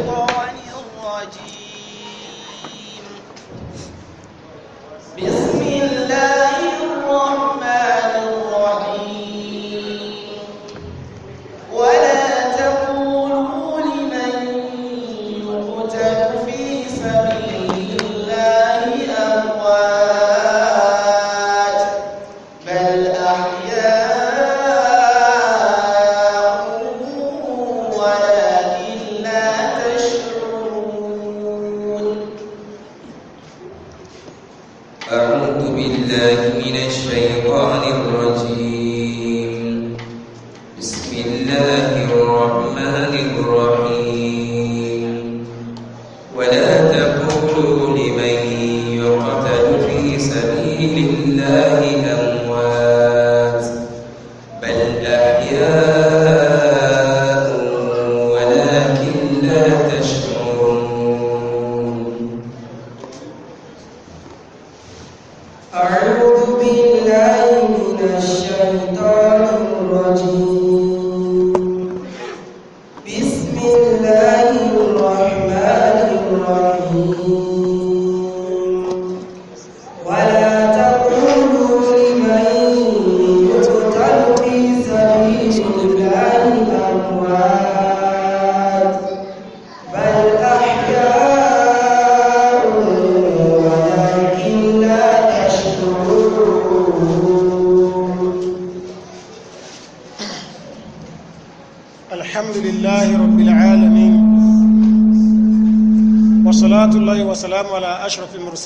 الله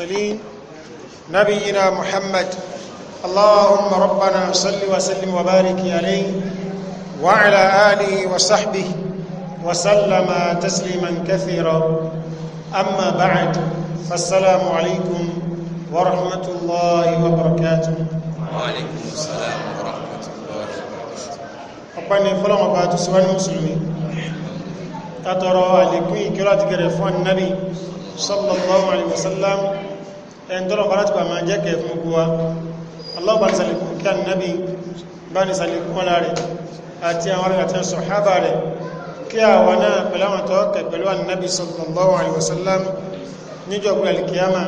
المرسلين نبينا محمد اللهم ربنا صل وسلم وبارك عليه وعلى آله وصحبه وسلم تسليما كثيرا أما بعد فالسلام عليكم ورحمة الله وبركاته وعليكم السلام ورحمة الله وبركاته أبني فلما باتوا سوى المسلمين أترى لكم كرات قرفان النبي sallallahu alaihi wasallam ẹn tọ́rọ bá láti bá máa jẹ́ kẹfún gbogbo wa Allah bá ní sàlẹ̀kùn kí àwọn nábi bá ní sàlẹ̀kùn wọn rẹ̀ àti àwọn rẹ̀ àti sọ̀hábà rẹ̀ kí àwọn náà pẹ̀lú àwọn tọ́ kẹ pẹ̀lú àwọn nábi sallallahu alaihi wasallam níjọ́ gbogbo alìkíyàmà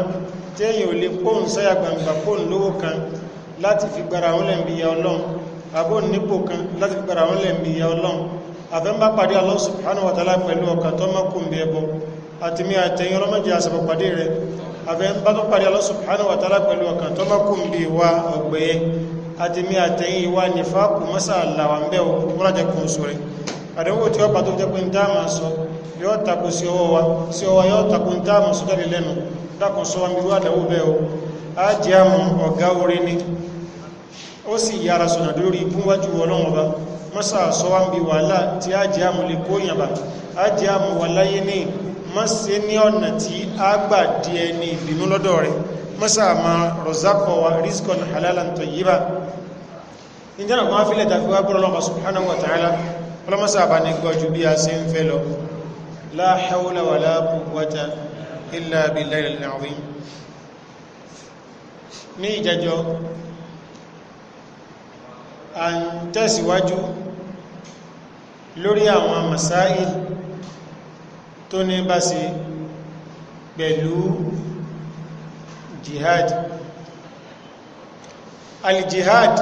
tí èyàn ò lè pòun sẹ́yà gbangba pòun lówó kan láti fi gbara àwọn lẹ́m̀bí ya ọlọ́run àbó nípò kan láti fi gbara àwọn lẹ́m̀bí ya ọlọ́run àfẹ́mbá pàdé Allah subhanahu wa ta'ala pẹ̀lú ọkà tó mọ́kùnbí ẹbọ àti mi àtẹ̀yìn ọlọ́mọdé àṣàbọ̀ pàdé rẹ̀ afẹ́ ń bá tó parí Allah subhanahu wa ta'ala pẹ̀lú ọkàn tó má kún bí wa ọ̀gbẹ̀yẹ àti mi àtẹ̀yìn ìwà nífà kù mọ́sà làwà ń bẹ́ ó wa sí ọwọ́ yóò tako ń dáàmà sọ jáde lẹ́nu dákun ni ó sì yára sọ̀nà lórí ìbúwájú ọlọ́run ọba mọ́sà sọ wa ń bi wàhálà tí á jẹ́ àmọ́ kó ìyàbà á jẹ́ àmọ́ láyé ní má ṣe ní ọ̀nà tí a gbà di ẹni ìbínú lọ́dọ̀ rẹ̀ mọ́sá ma rọ̀zákọ̀ wa rizqan halalan tayyiba ìjọ́nà kan fílẹ̀ tàbí wá gbọ́rọ̀ lọ́wọ́ subhanahu wa ta'ala ọlọ́mọ́sá bá ní gọjú bí a ṣe ń fẹ́ lọ la hawla wa la quwwata tó ní bá ṣe pẹ̀lú jihad al-jihad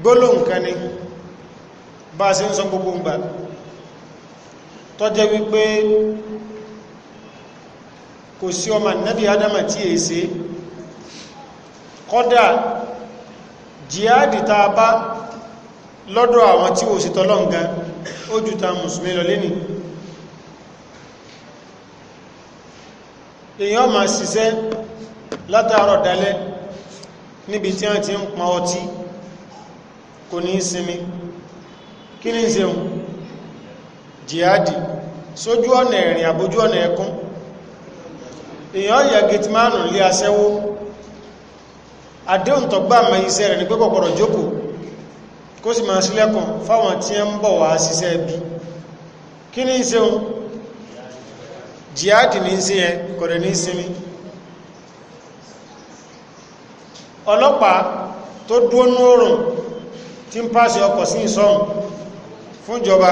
gbólóhùn kan ni bá ṣe ń sọ gbogbo ń gbà tó jẹ́ wípé kò sí ọmọ nẹ́bí adama tí è ṣe kọ́dà jihad ta bá lọ́dọ̀ àwọn tí ó sì tọ́lọ́ǹgá ó jù ta mùsùlùmí lọ lẹ́nì èyàn ma ṣiṣẹ́ látàárọ̀ dalẹ́ níbi tí wọ́n ti ń pa ọtí kò ní sinmi kí ní ṣeun jihadi sójú ọ̀nà ẹ̀rìn àbójú ọ̀nà ẹkún èyàn yà gẹ̀tì márùn-ún lé aṣẹ́wó àdéhùn tọ́gbà mẹ́ iṣẹ́ rẹ̀ ní pẹ́kọ̀kọ̀rọ̀ jókòó kó sì máa sílẹ̀kùn fáwọn tí ń bọ̀ wá ṣiṣẹ́ bí kí ní ṣe o jihadi ní sí ẹ kọ̀rẹ̀ ní sinmi ọlọ́pàá tó dúó ní oòrùn tí ń pàṣẹ ọkọ̀ sí ìsọ́hùn fún ìjọba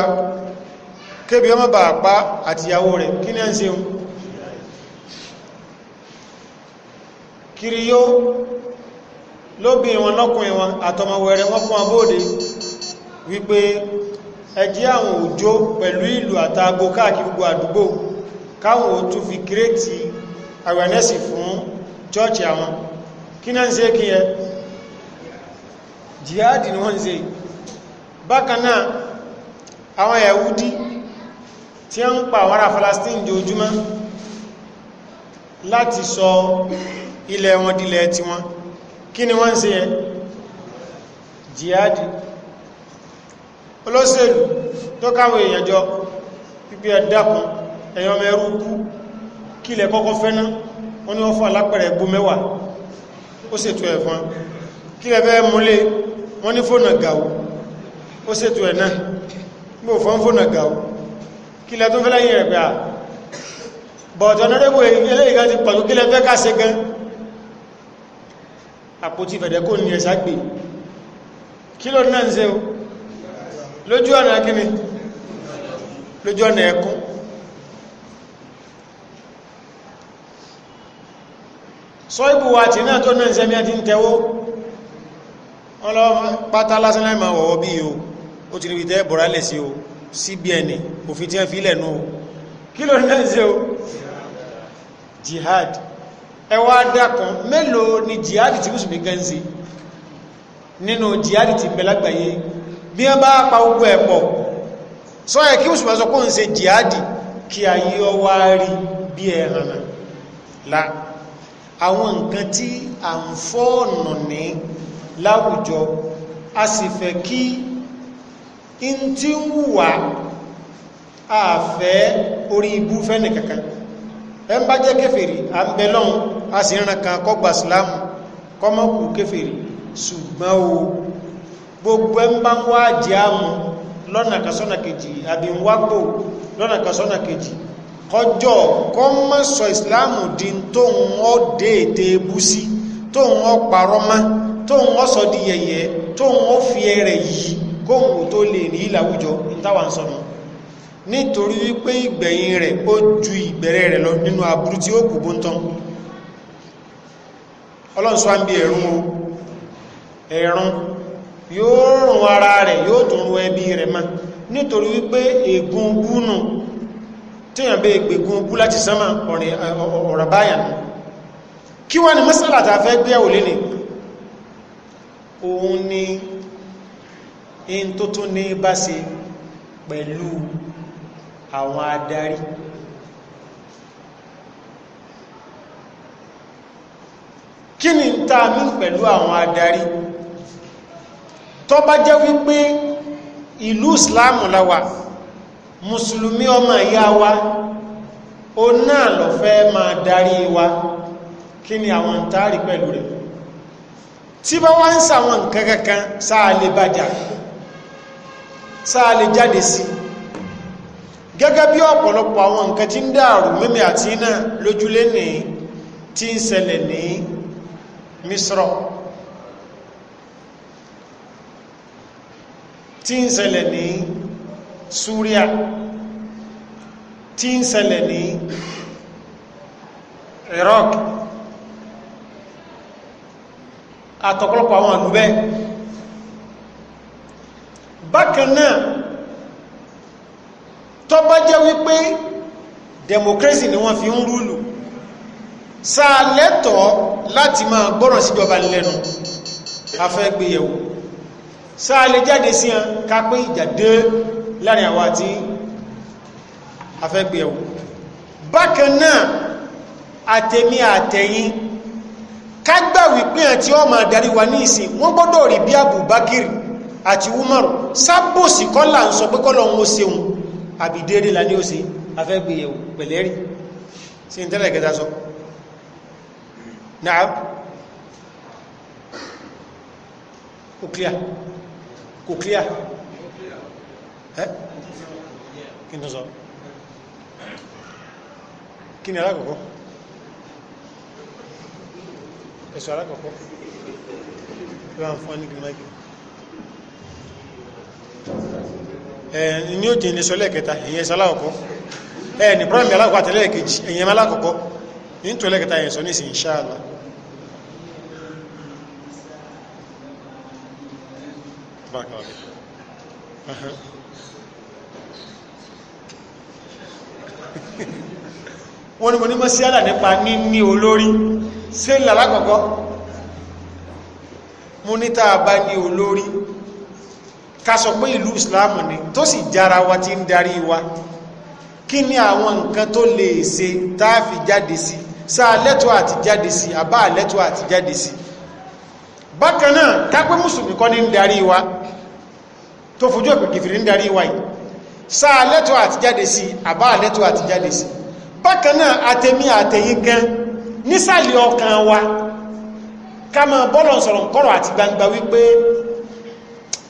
kébi ọmọ bà pa àtìyàwó rẹ̀ kí ní ẹ ń ṣe o kiri yóò lóbìn wọn lọ́kùnrin wọn àtọmọwẹ̀rẹ̀ wọn fún abóòdé wípé ẹjí àwọn òjò pẹ̀lú ìlú àtàgbò káàkiri gbogbo àdúgbò káwọn ò tún fi kírètì àwẹ̀nẹ́sì fún chọ́ọ̀chì àwọn kí náà ń ṣe kí ẹ jihadi ni wọ́n ń ṣe bákan àwọn yahudi tí ó ń pa àwọn ará Palestine jojúmọ́ láti sọ ilẹ̀ wọn dilẹ̀ tiwọn kí ni wọ́n ń ṣe yẹn jihadi olóṣèlú tó káwọ èèyàn jọ pípẹ́ ẹ̀dàkùn ẹ̀yàn mẹ́rú kú kí ilẹ̀ kọ́kọ́ fẹ́ná wọ́n ni wọ́n fún alápẹ̀rẹ̀ ẹgbó mẹ́wàá ó ṣètò ẹ̀fọn kí lẹ fẹ́ múlé wọ́n ní fóònà gàù ó ṣètò ẹ̀ náà gbò fọ́n fóònà gàù kí lẹ tó fẹ́ lẹ́yìn rẹ̀ pé à bọ̀ọ̀tọ̀ nọ́rẹ́gbò ti pọ̀lú kí lẹ ká ṣe gan àpótí fẹ̀dẹ̀kó ní ẹ̀sà gbé kí ló náà ń ṣe o lójú ọ̀nà kíni lójú ọ̀nà ẹkún sọ ìbù wa tí náà tó náà ń sẹ́mí àti ń tẹ́wó ọlọ́pàá pátá lásán láì máa wọ̀wọ́ bí o ó ti ríbi tẹ́ bọ̀rálẹ̀ sí o cbn òfin tí wọ́n fi lẹ̀ nú o kí ló náà ń ṣe o jihad, jihad ẹwà dákan mélòó ni jihadi ti mùsùlùmí gẹ́ǹsì nínú jihadi ti bẹ̀lágbàyé bí wọ́n bá pa ogun ẹ̀pọ̀ sọ ẹ̀ kí mùsùlùmí sọ kó ń ṣe jihadi kí ayé ọwá rí bí ẹ̀hànà la àwọn nǹkan tí à ń fọ́ọ̀nà ní láwùjọ a sì fẹ́ kí n tí ń wùwà àfẹ́ orí ibú fẹ́nì kankan ẹ ń bá jẹ́ kéfèrí à ń bẹ lọ́hun a sì ràn kan kọgbà sílámù kọmọkù kéfèrí ṣùgbọ́n o gbogbo ẹ ń bá ń wá jẹ́ àmú lọ́nà kasọ́nà kejì àbí ń wápò lọ́nà kasọ́nà kejì kọjọ́ kọ́ mọ́ di tóun ọ́ déèdè bú tóun ọ́ parọ́ mọ́ tóun ọ́ sọ di yẹ̀yẹ́ tóun ọ́ fi ẹrẹ̀ yìí kóhun tó lè rí láwùjọ ìtawà ń sọnù nítorí wípé ìgbẹ̀yìn rẹ̀ ó ju ìbẹ̀rẹ̀ rẹ̀ lọ nínú aburú tí ó kù bó ń tán ọlọ́nsọ́ ń bí ẹ̀rún o ẹ̀rún yóò rùn ara rẹ̀ yóò tún rú ẹbí rẹ̀ ma nítorí wípé ègún búnù tíyàn bẹ́ ègún bú láti sánmà ọ̀rọ̀ báyà kí wá ní mọ́sálà tàà fẹ́ gbé ẹ̀wò lẹ́nì òun ni in tó tún ní bá ṣe pẹ̀lú àwọn adarí kí ni ń ta mí pẹ̀lú àwọn adarí tó bá jẹ́ wípé ìlú ìsìláàmù láwà mùsùlùmí ọmọ ìyá wa ó náà lọ fẹ́ máa darí wa kí ni àwọn ń taari pẹ̀lú rẹ̀ tí bá wá ń sàwọn nǹkan kankan sáà lè bàjá sáà lè jáde sí i gẹ́gẹ́ bí ọ̀pọ̀lọpọ̀ àwọn nǹkan tí ń dàrú mímí àti iná lójúlé ní tí ń ṣẹlẹ̀ ní misro tí ń ṣẹlẹ̀ ní Súríà tí ń ṣẹlẹ̀ ní Iraq àtọ̀pọ̀lọpọ̀ àwọn àdúgbẹ́ bákan náà tó bá jẹ́ wípé democracy ni wọ́n fi ń rúlù sáà lẹ́tọ̀ọ́ láti máa gbọ́ràn síjọba lẹ́nu afẹ́gbéyẹ̀wò sáà lè jáde sí ẹ ká pé ìjà dé láàrin àwa àti afẹ́gbéyẹ̀wò bákan náà àtẹ̀mí àtẹ̀yìn ká gbà wípé àti ọmọ àdarí wa ní ìsìn wọ́n gbọ́dọ̀ rí bí Abubakar àti Umaru sábòsì kọ́là ń sọ pé kọ́lọ̀ ń ó seun àbí déédé la ní òsì afẹ́gbìyàwó pẹ̀lẹ́rì sí ń tẹ́lẹ̀ kẹta sọ náà kò clear kò clear ẹ́ kí ni sọ kí ni alákọ̀ọ́kọ́ ẹ̀sọ̀ alákọ̀ọ́kọ́ ìwọ̀n fún ọ́ ní kìlọ́mẹ́kì Thank you ní ó jẹ́ sọ lẹ́ẹ̀kẹta ìyẹn sọ alákọ̀ọ́kọ́ ẹ̀ ní problem alákọ̀ọ́kọ́ àti lẹ́ẹ̀kejì ìyẹn alákọ̀ọ́kọ́ ní tó lẹ́ẹ̀kẹta ìyẹn sọ ní sí insha Allah wọ́n ni mo ní mọ́ sí àlà nípa níní olórí sí ìlà alákọ̀ọ́kọ́ mo ní tàà bá ní olórí ká sọ pé ìlú ìsìláàmù ni tó sì jára wa ti ń darí wa kí ni àwọn nǹkan tó lè ṣe tá a fi jáde sí sáà lẹ́tọ̀ àti jáde sí àbá lẹ́tọ̀ àti jáde sí bákan náà kápẹ́ mùsùlùmí kọ́ ní ń darí wa tó fojú ọ̀pẹ̀ kìfìrí ń darí wa yìí sáà lẹ́tọ̀ àti jáde sí àbá lẹ́tọ̀ àti jáde sí bákan náà àtẹ̀mí àtẹ̀yìn gan nísàlẹ̀ ọkàn wa ká máa bọ́lọ̀ sọ̀rọ̀ kọ́rọ̀ àti gbangba wípé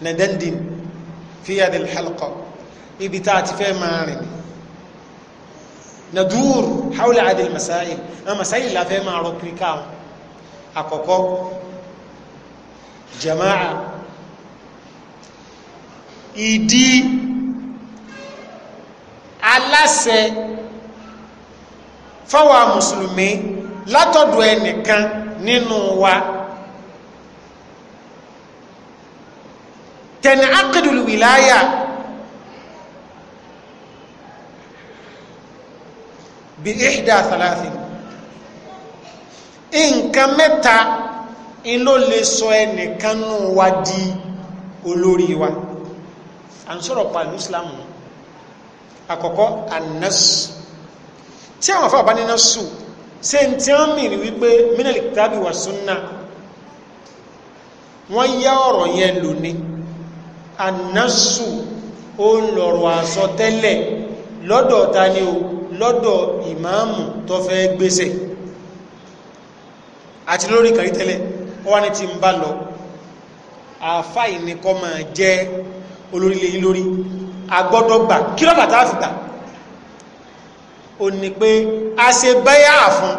nadandin fi yàdì halqa ibi tá a ti fẹ́ máa rìn nadur hawla adil masáyì àwọn masáyì la fẹ́ máa rọ kiri káwọn àkọ́kọ́ jama'a ìdí aláṣẹ fáwọn mùsùlùmí látọ̀dọ̀ ẹnìkan nínú wa. تنعقد الولاية بإحدى ثلاث nǹkan mẹ́ta ń ló lè sọ ẹnìkan nù wa di olórí wa à ń sọ̀rọ̀ pàlú ìsìlámù àkọ́kọ́ anásù tí àwọn afọ́ àbánínà sù ṣe ń tí wọ́n mìíràn wípé mínàlì tàbí wà súnnà wọ́n yá ọ̀rọ̀ yẹn lónìí annasu ó ń lọ̀rọ̀ àsọ tẹ́lẹ̀ lọ́dọ̀ ta ni o lọ́dọ̀ ìmáàmù tó fẹ́ gbéṣẹ̀ àti lórí kàrí tẹ́lẹ̀ ó wá ní ti ń bá lọ àfá ìníkọ́ máa jẹ́ olórílẹ̀ lórí agbọ́dọ̀ gbà kí lọ́pàá fi gbà ó ní pé a ṣe bẹ́yà fún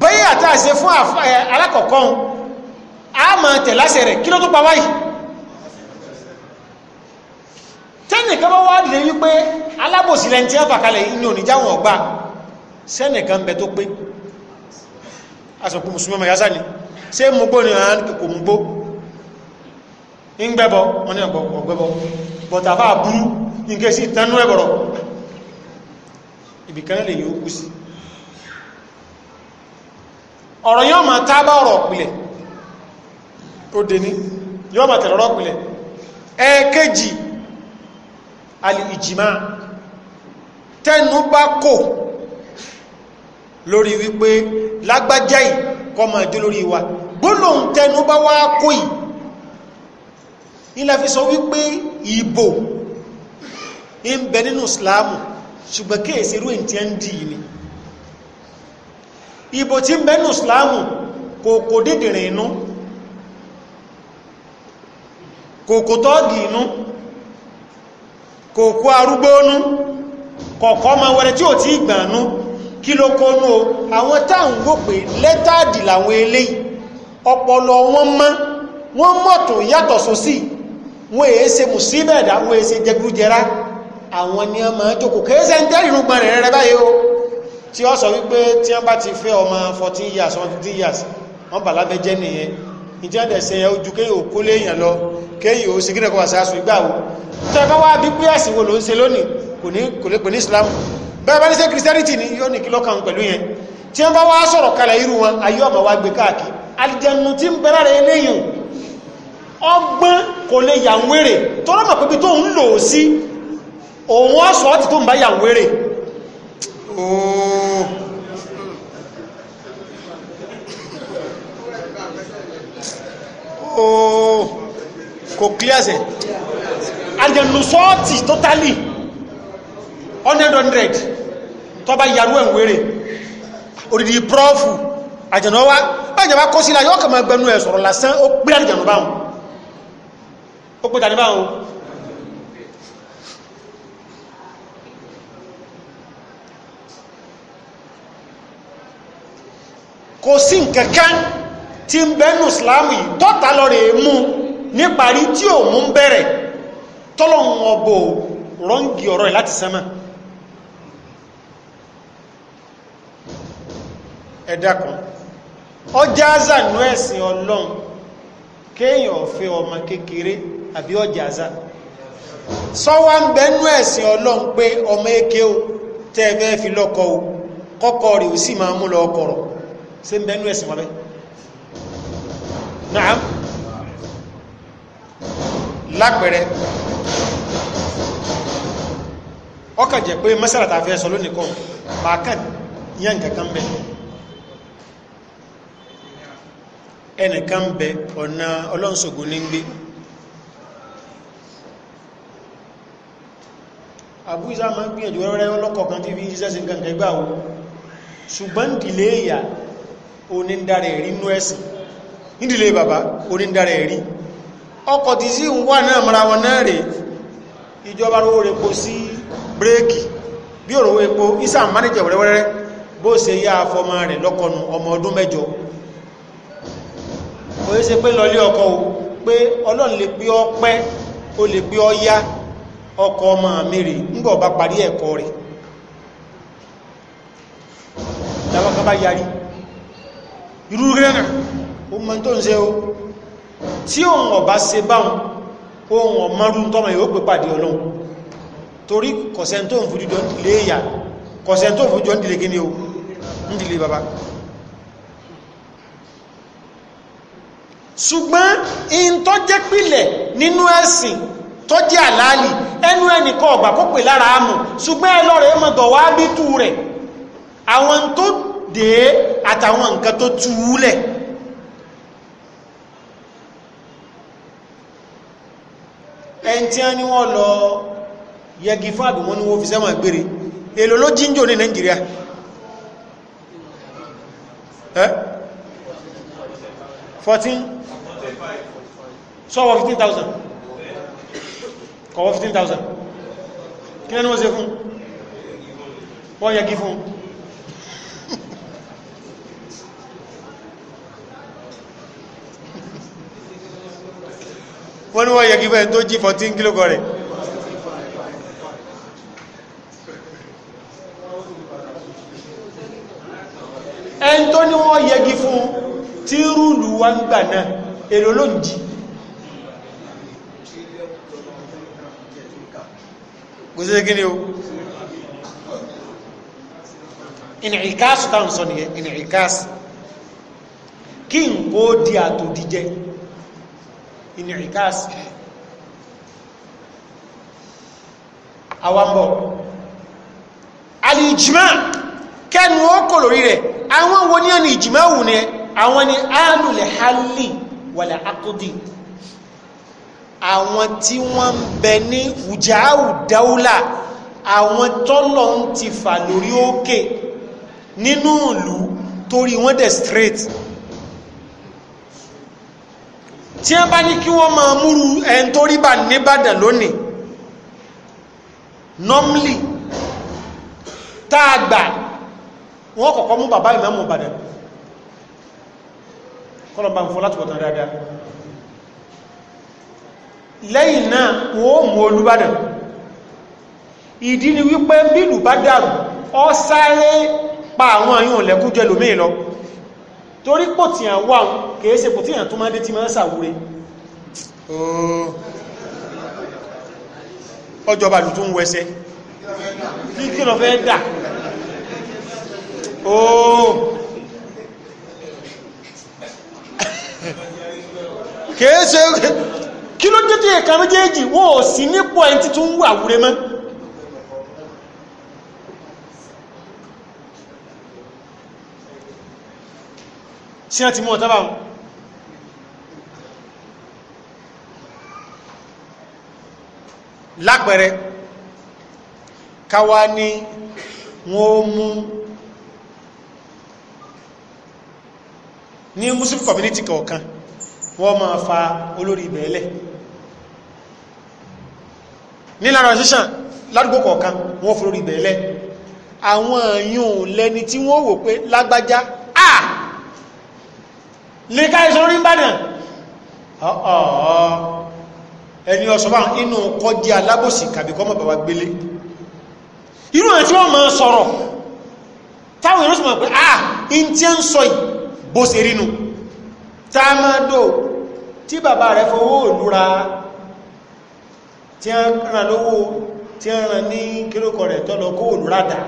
bẹ́yà tá a ṣe fún a máa tẹ̀láṣẹ rẹ̀ kí ló tó pa wáyìí tẹ́nìkan bá wá dìde wípé alábòsí lẹ́ni tí wọ́n fà kalẹ̀ inú oníjáwọn ọgbà sẹ́nìkan bẹ tó pé asọ̀pù musulmi ọmọ yásá ni ṣe mú gbó ní àwọn kò mú gbó ń gbẹ́bọ wọn ni ọgbẹ́bọ bọ̀tàfà burú ní kí sí tánú ẹ̀bọ̀rọ̀ ibìkan lè yóò kú sí ọ̀rọ̀ yóò máa tábà ọ̀rọ̀ pìlẹ̀ ó dé ní yóò máa tẹ̀lọ̀rọ̀ pìlẹ̀ ẹ̀ẹ̀kejì alìjìmá tẹ́nu bá kò lórí wípé lágbájá yìí kọ́ máa jó lórí wa gbólóhùn tẹ́nu bá wá kò yìí ilẹ̀ fi sọ wípé ìbò ń bẹ nínú islamu ṣùgbọ́n kéèsì irú ìntí ẹ́ dì ní ìbò tí ń bẹ nínú islamu kò dídìrìn inú kò kò inú kò kó arúgbónú kọ̀kọ́ ma wẹ̀rẹ̀ tí ò tí ìgbànú kí ló kónú o àwọn táwọn wò pé lẹ́tàdì làwọn eléyìí ọpọlọ wọn mọ́ wọ́n mọ̀tò yàtọ̀ sósì wọ́n èé ṣe mùsíbẹ̀dà wọ́n èé ṣe jẹgújẹrá àwọn ni wọ́n máa jókòó kéèsẹ́ ń tẹ́rì rúgbọ́n rẹ̀ rẹ̀ báyìí o tí ó sọ wípé tí wọ́n bá ti fẹ́ ọmọ 14 years 15 years wọ́n bà lábẹ́ jẹ́ nìyẹn ìjẹ́dẹ̀ ṣe ẹ̀ ojú kéyìn òkú léèyàn lọ kéyìn ó sì gírẹ̀kọ́ àṣásù ìgbàwó tẹ́kọ́ wá bí pé ẹ̀sìn ló ń ṣe lónìí kò lè pè ní Islam bẹ́ẹ̀ bá ní ṣe Christianity ni yóò ní kí lọ́kàn pẹ̀lú yẹn tí wọ́n bá wá sọ̀rọ̀ kalẹ̀ irú wọn ayé ọmọ wa gbé káàkiri alìjẹnu tí ń bẹ̀rẹ̀ rẹ̀ léyìn ooo kò clear sẹ̀ àjẹ̀nù sọ́ọ̀tì totally hundred hundred tó bá yàrú ẹ̀ wéré òdìdí prọ́fù àjẹ̀nù ọwá bájẹ̀bá kọ́ sílá yọ́ kàmà gbẹnu ẹ̀ sọ̀rọ̀ lásán ó pé àjẹ̀nù báhùn ó pé tàní báhùn kò sí nǹkan kan tí ń bẹ́nu ìsìláàmù yìí tọ́ta lọ rẹ̀ mú níparí tí ò mú bẹ̀rẹ̀ tọ́lọ̀hún ọbọ̀ rọ́ǹgì ọ̀rọ̀ ẹ̀ láti sẹ́mọ̀ ẹ̀dàkùn ọjà azánú ẹ̀sìn ọlọ́run kéèyàn ọ̀fẹ́ ọmọ kékeré àbí ọjà azá sọ́wọ́ ń bẹ́nu ẹ̀sìn ọlọ́run pé ọmọ èké o tẹ́ẹ̀fẹ́ fi lọ́kọ o kọ́kọ́ rẹ̀ ò sì máa mú lọ ọkọ̀rọ̀ sí ń bẹ́nu ẹ̀sìn wọn bẹ́ẹ̀ náà lápẹẹrẹ ọkà jẹ́ pé mẹ́sàrà tàbí ẹsọ lónìí kan máa kàn yán kankan bẹ ẹnìkan bẹ ọ̀nà ọlọ́nṣògùn ní gbé ma máa gbìyànjú rẹ́rẹ́ ọlọ́kọ̀ kan tí fi jíṣẹ́ sí gangan gbà ṣùgbọ́n dìlé ìyà onídàrẹ̀ rínú ẹ̀sìn nídìlé bàbá onídára ẹ̀rí ọkọ̀ tí sí ń wà náà mara wọn náà rè ìjọba rówó epo sí bírèkì bí epo isa manager wẹ́rẹ́wẹ́rẹ́ bó ṣe yá afọmọ rẹ̀ lọ́kọ̀nù ọmọ ọdún mẹ́jọ kò o ó mọ́ tó ń ṣe ó tí òun ọ̀bá ṣe báhùn ohun ọ̀mọ́rún tọ́mọ yóò pè pàdé ọlọ́run torí kọ̀sẹ̀ tó ń fojú jọ ń dìlé ìyà kọ̀sẹ̀ tó ń fojú jọ ń dìlé gíní o ń dìlé bàbá ṣùgbọ́n in tó jẹ́ pìlẹ̀ nínú ẹ̀sìn tó jẹ́ àlàálì ẹnu ẹnìkan ọ̀gbà kó pè lára àmù ṣùgbọ́n ẹlọ rẹ̀ mọ̀ dọ̀wà bítú rẹ̀ àwọn tó dé àtàwọn nǹkan tó túúlẹ̀ ẹn tí wọ́n ní wọ́n lọ yẹgi fún àdùnmọ́ ní wọ́n fi sẹ́wọ̀n gbére èlò ló jíńjò ní Nàìjíríà ẹ́ 14 sọ́wọ́ 15,000 kọ̀wọ́ 15,000 kí lẹ́nu wọ́n ṣe fún wọ́n yẹgi fún wọ́n ní wọ́n yẹ kí fẹ́ tó jí 14 kilo kọ́ rẹ̀ ẹni tó ní wọ́n yẹgi fún tí rúlù wa ń gbà náà èrò ló ń jí kò sí gíní o ìnìkásù táwọn sọ nìyẹn ìnìkásù kí n kó di àtòdíjẹ́ inìríkàs àwambọ̀ alijima kẹnu ó kò lórí rẹ̀ àwọn wo ní ọ̀nà ìjìmá wù ní àwọn ni alùlẹ̀ hálì wàlẹ̀ akọ́dì àwọn tí wọ́n ń bẹ ní ùjáàwù dáúlà àwọn tọ́lọ̀ ń ti fà lórí òkè nínú ìlú torí wọ́n dẹ̀ straight tí wọ́n bá ní kí wọ́n máa múru ẹni tó rí bà nìbàdàn lónìí normally tá a gbà wọ́n kọ́kọ́ mú bàbá ìmọ̀ mú bàdàn kọ́lọ̀ ń fún láti bọ̀tán dáadáa lẹ́yìn náà wọ́n mú olúbàdàn ìdí ni wípé bí ìlú bá dàrú ọ sáré pa àwọn àyùn lẹ́kújẹ́ lómi lọ torí pò tí à ń wà kìí ṣe pò tí à ń tó máa dé tí máa ń sàwúre ọjọba lù tó ń wẹsẹ kí kí lọ fẹ́ dà ooo kìí ṣe kí ló dé tí ẹ̀ka méjèèjì wọ́n sí nípò ẹni títún wà wúre mọ́ sí àti mú ọ̀tá báwọn lápẹẹrẹ káwá ní wọ́n mú ní muslim community kọ̀ọ̀kan wọ́n máa fa olórí ìbẹ̀ẹ́lẹ̀ ní lára ṣíṣàn ládùgbò kọ̀ọ̀kan wọ́n fún olórí ìbẹ̀ẹ́lẹ̀ àwọn èèyàn lẹni tí wọ́n wò pé lágbájá ah lè ká ẹ̀sọ́ rí bá náà ẹni ọ̀sọ̀bá inú kọjí alábòsí kàbí kọ́mọ̀ bàbá gbélé irú àwọn tí wọ́n máa sọ̀rọ̀ táwọn ìrọ́sùn mọ̀ pé ah in tí ń sọ yìí bó ṣe rínú tá a máa dò tí bàbá rẹ̀ fowó òlúra tí a ràn lówó tí a ràn ní kírókọ rẹ̀ tọ́lọ kó òlúra dà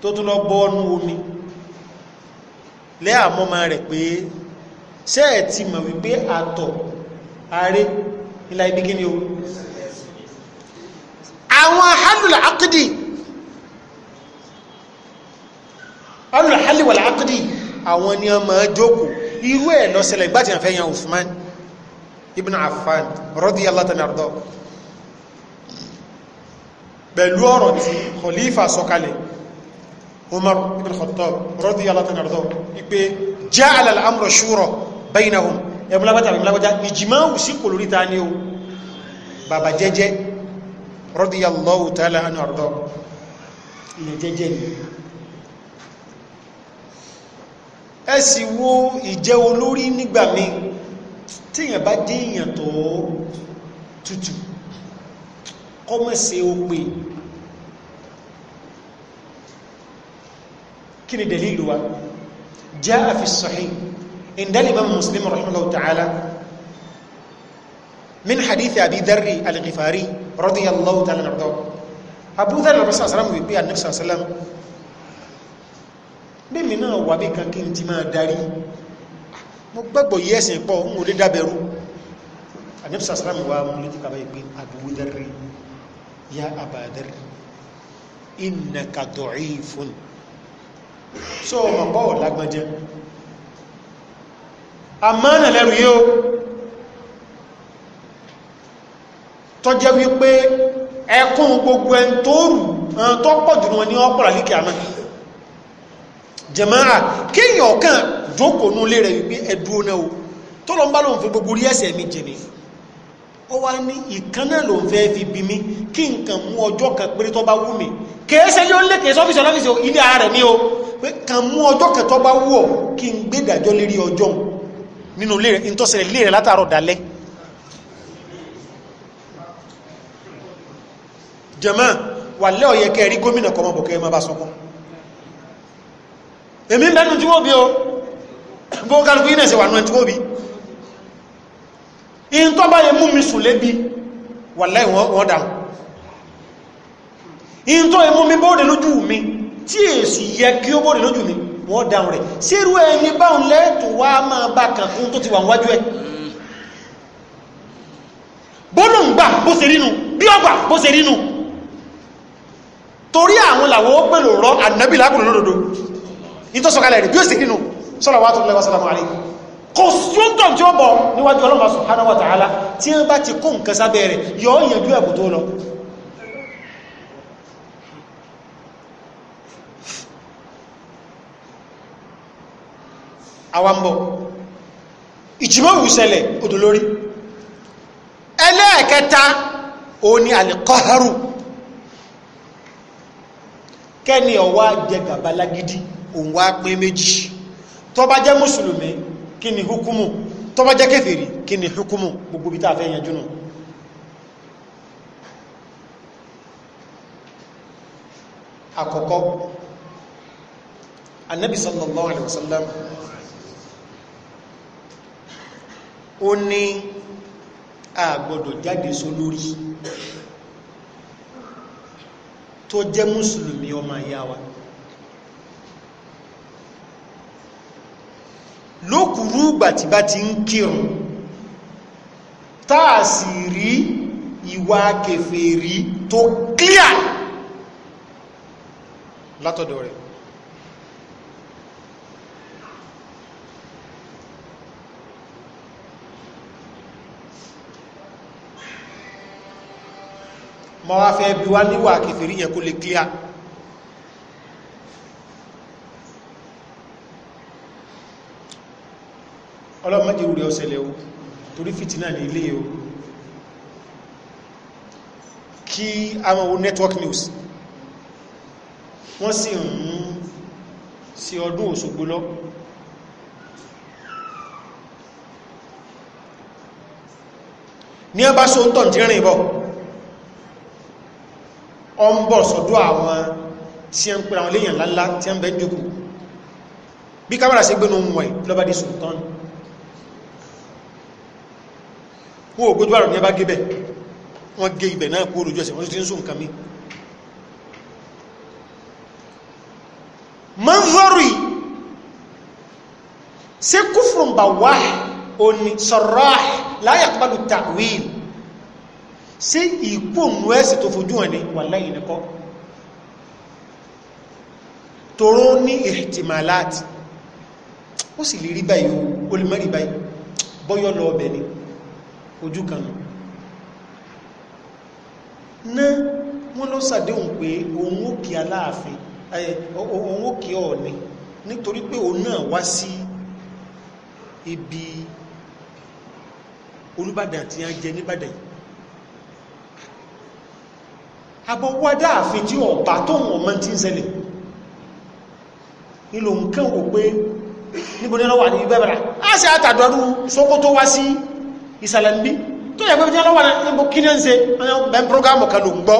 tó tún lọ bọ́ ọ́nú omi lẹ́àmọ́mọ́ rẹ̀ pé ṣé ẹ̀ ti mọ̀ wípé àtọ̀ ààrẹ ilá ibi gíní o àwọn halùlà ákìdì halùlà halùwàlà ákìdì àwọn ni ọmọ jókòó irú ẹ̀ lọ́sẹ̀lẹ̀ ìgbà tí wọ́n fẹ́ yan Uthman ibn Affan radiyallahu ta'ala anhu pẹ̀lú umar ibn khattab radiyallahu ta'ala anhu ipe ja'ala al-amru shura bainahum e mu labata mu labata ijma'u si ko lórí tani o baba jẹ́jẹ́ radiyallahu ta'ala anhu ardo iye jẹ́jẹ́ ni ẹ sì wo ìjẹ́ olórí nígbà míì tíyàn bá dé èèyàn tó tutù kọ́mọ̀ sí kini dalilu wa jaa fi sahih indal imam muslim rahimahullahu ta'ala min hadith abi dharri al-ghifari radiyallahu ta'ala anhu abu dharr rasul sallallahu alaihi wasallam bi annabi sallallahu alaihi wasallam bẹ́ẹ̀mì náà wà bí kan kin ti ma darí mo gbagbo yesin pọ̀ mo le dábẹ̀rú anabi àníbsà sàrámù wa mú lójú kaba abu àbúwúdẹ́rẹ́ ya abadar innaka du'ifun so ọmọ pọ̀ lágbàjẹ́ àmánà lẹ́rù yíó tọ́jẹ́ wípé ẹkùn gbogbo ẹn tó rù tó pọ̀ jù wọn ní ọpọ̀ àlíkì àmà jẹ̀máà kíyàn kan jókòó nú lé rẹ̀ wípé ẹ̀dùn náà tó lọ ń bá lóun fún gbogbo rí ẹ̀ṣẹ̀ mi jẹ̀ nìyàn ó wá ní ìkan náà ló ń fẹ́ fi bí mi kí nǹkan mú ọjọ́ kan péré tó bá wù mí kèése yóò lé kèése ọ́fíìsì ọlọ́fíìsì ilé ara rẹ̀ ní o pé kàn mú ọjọ́ kan tó bá wù ọ́ kí n gbé ìdájọ́ lérí ọjọ́ nínú ilé rẹ̀ ìtọ́sẹ̀lẹ̀ rẹ̀ látàárọ̀ dalẹ́ jẹ̀mọ́ wà lẹ́ ọ̀yẹ́ kẹ́ rí gómìnà kọmọ in tó bá yẹ mú mi sùn lébi wàláhì wọ́n dáhùn in tó yẹ mú mi bóòdè lójú mi tí èsì yẹ kí ó bóòdè lójú mi wọ́n dáhùn rẹ̀ sírú ẹni báhùn lẹ́ẹ̀tù wá máa bá kàkún tó ti wà wájú ẹ bọ́nà ń gbà bó ṣe rínú bí ọgbà bó ṣe rínú torí àwọn làwọn ó pèlò rọ ànábì lákùnrin lódodo ìtọ́sọ̀kalẹ̀ rẹ̀ bí ó ṣe rínú salawatullahi wa salamu alayhi kò síúntọ̀ tí ó bọ̀ níwájú ọlọ́mà subhanahu wa ta'ala tí wọ́n bá ti kó nǹkan sábẹ́ rẹ̀ yọ́ ìyànjú ẹ̀bù tó lọ àwambọ̀ ìjìmọ̀wù ṣẹlẹ̀ odòlórí ẹlẹ́ẹ̀kẹta ó ní alìkọ́harù kẹ́ni ọwá jẹ gàbà òun wá pé méjì tó jẹ́ mùsùlùmí kí ni hukumu tó bá jẹ́ kèfèrí kí ni hukumu gbogbo bí tàà fẹ́ yẹn jùnú àkọ́kọ́ annabi sallallahu alaihi wasallam ó ní a gbọ́dọ̀ jáde só lórí tó jẹ́ mùsùlùmí ọmọ ìyá wa. lókùrú gbàtíbá ti ń kírun táà sì rí ìwà kèfèrí tó kílíà látọ̀dọ̀ rẹ̀ mọ́ wá fẹ́ bí wá níwà kèfèrí yẹn kó lè kílíà ọlọ́mọdé orí ọ̀sẹ̀lẹ̀ o torí fìtínà ní ilé o kí a máa wo network news wọ́n sì ń sí ọdún Òṣogbo lọ ní ọba so tọ̀ tí rìn bọ̀ ọ ń bọ̀ sọ́dọ̀ àwọn tí ẹ ń pẹ̀lú àwọn léèyàn lálá tí ẹ ń bẹ́ jókòó bí kámàrà sí gbénu mọ̀ ẹ̀ lọ́bàdí sultan kó o gbójú àrùn ní ẹbá gébẹ̀ wọ́n gé ibẹ̀ náà kó olójú ẹsẹ̀ wọ́n ti ń sún nǹkan mi manzori ṣe kúfùrùn bà wá òní sọ̀rọ̀ láyà tó bá lu tàwíìl ẹ̀sẹ̀ tó fojú hàn ní wàláyé nìkọ́ tòrò ní ìhìtìmàláàtì ó sì lè rí báyìí ó lè mẹ́rin báyìí bọ́yọ́ lọ ọbẹ̀ ni ojú kan náà wọ́n ló sàdéhùn pé òun ó kí aláàfin òun ó kí ọ̀ọ̀ni nítorí pé òun náà wá sí ibi olúbàdàn tí a jẹ níbàdàn yìí abọ́wádá àfin tí ọ̀bá tóun ọmọ tí ń ṣẹlẹ̀ nílò nǹkan wò pé níbo ní ọlọ́wà ní bẹ́bẹ̀rẹ̀ á sì àtàdọ́rú sókó tó wá sí ìsàlẹ̀ ń bí tó yẹ pé tí wọ́n wà níbo kí ní ń ṣe bẹ́ẹ̀ prógámù kan ló ń gbọ́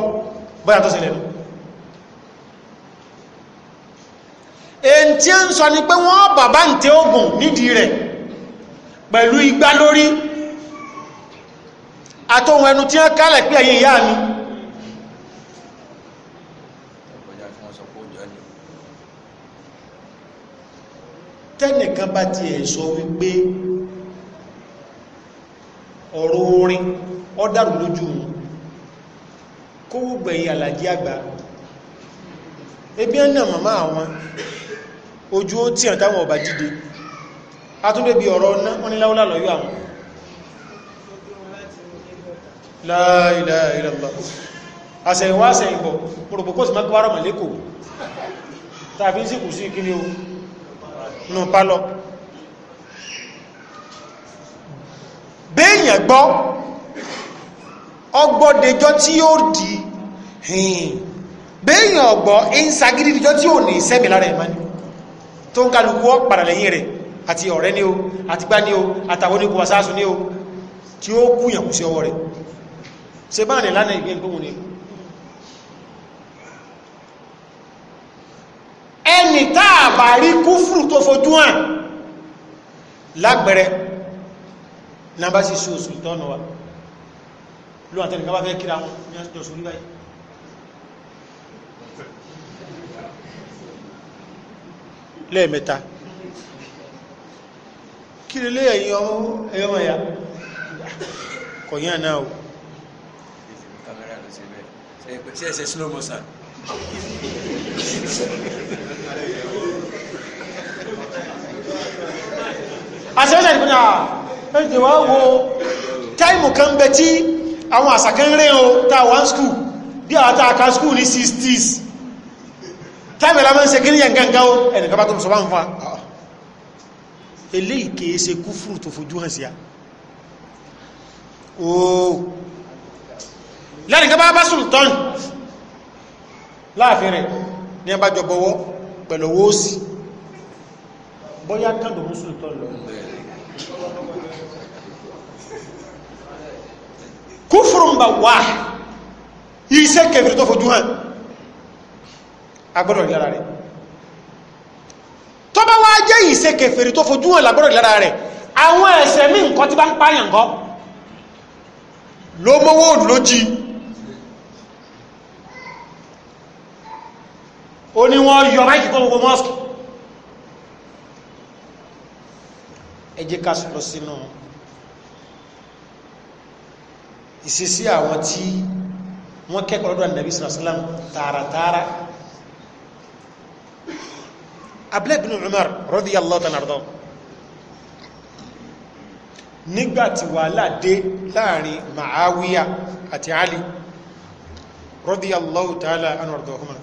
bóyá tó sílẹ̀ nù èyí tí ń sọ ni pé wọ́n bàbá ń tẹ ogun nídìí rẹ̀ pẹ̀lú igbá lórí àtòhun ẹnu tí wọ́n kálẹ̀ pé ẹ̀yìn ìyá mi tẹ́nìkan bá ti ẹ̀ sọ wípé ọ̀rọ̀ orin ó dàrú lójú wọn kówó gbẹ̀yìn àlàjí àgbà ebi ẹ̀ náà màmá àwọn ojú ó tí àtàwọn ọba jíde atúndé bí ọ̀rọ̀ ọ̀nà wọn ni láwọ́lá lọ́yọ́ àwọn la ilaha illallah àṣẹ̀yìnwá àṣẹ̀yìnbọ̀ pòròpòkó sí mẹ́kọ́ wárọ̀ mọ̀lẹ́kọ̀ọ́ tàbí béèyàn gbọ́ ọgbọ́dẹjọ́ tí yóò di béèyàn ọgbọ́ ìsagídíjọ́ tí ò ní sẹ́mi lára ẹ̀ máa ní tó ń kálukú ọ́ padà lẹ́yìn rẹ̀ àti ọ̀rẹ́ ní o àti gbá ní o àtàwọn oníkù wasáàsù ní o tí ó kú yẹ̀kù sí ọwọ́ rẹ̀ ṣe bá rìn ìgbé ìgbóhùn ní ẹni táàbà rí kúfùrù tó fojú hàn lágbẹ̀rẹ̀ náà bá sì ṣe òsùn tọ́nà wa ló àtẹnì ká bá fẹ́ kíra wọn ní ọjọ́ sórí báyìí lẹ́ẹ̀mẹ́ta kí ni lé ẹ̀yìn ọmọ ẹ̀yọ́mọ̀ ya kọ̀yán náà o àṣẹ́lẹ̀ ìpínlẹ̀ ah! ẹjẹ̀ wá wo táìmù kan bẹ tí àwọn àsàkánrẹ́ o tàwà ń skú bí àwọn tààkà skú ní 60s táìmù ẹ̀lá mọ́ ń se kí ní yàngangan o ẹnìkan bá tó sọ bá ń fa eléyìí kìí ṣe kúfùrù tó fojú hàn sí a ooo lẹ́nìí kan bá sùn tán láàfin rẹ̀ ní abájọ bọ́wọ́ pẹ̀lú owó sí bóyá kàndùn mú sùn tán lọ kúfùrùn bá wà iṣẹ́ kẹfìrí tó fojú hàn agbọ́dọ̀ ìlara rẹ̀ tó bá wá jẹ́ iṣẹ́ kẹfìrí tó fojú hàn lágbọ́dọ̀ ìlara rẹ̀ àwọn ẹ̀ṣẹ̀ mí nǹkan tí bá ń pààyàn kọ́ ló mọ́wọ́ lójí ó yọ máìkì kó gbogbo mọ́sùkì ẹ jẹ́ sínú ìṣesí àwọn tí wọ́n kẹ́kọ̀ọ́ lọ́dọ̀ ànàbí sàlám tààràtààrà Abdullah bin Umar radiyallahu ta'ala anhu nígbàtí wàhálà dé láàrin Ma'awiya àti Ali radiyallahu ta'ala anhu ọ̀dọ̀húnmá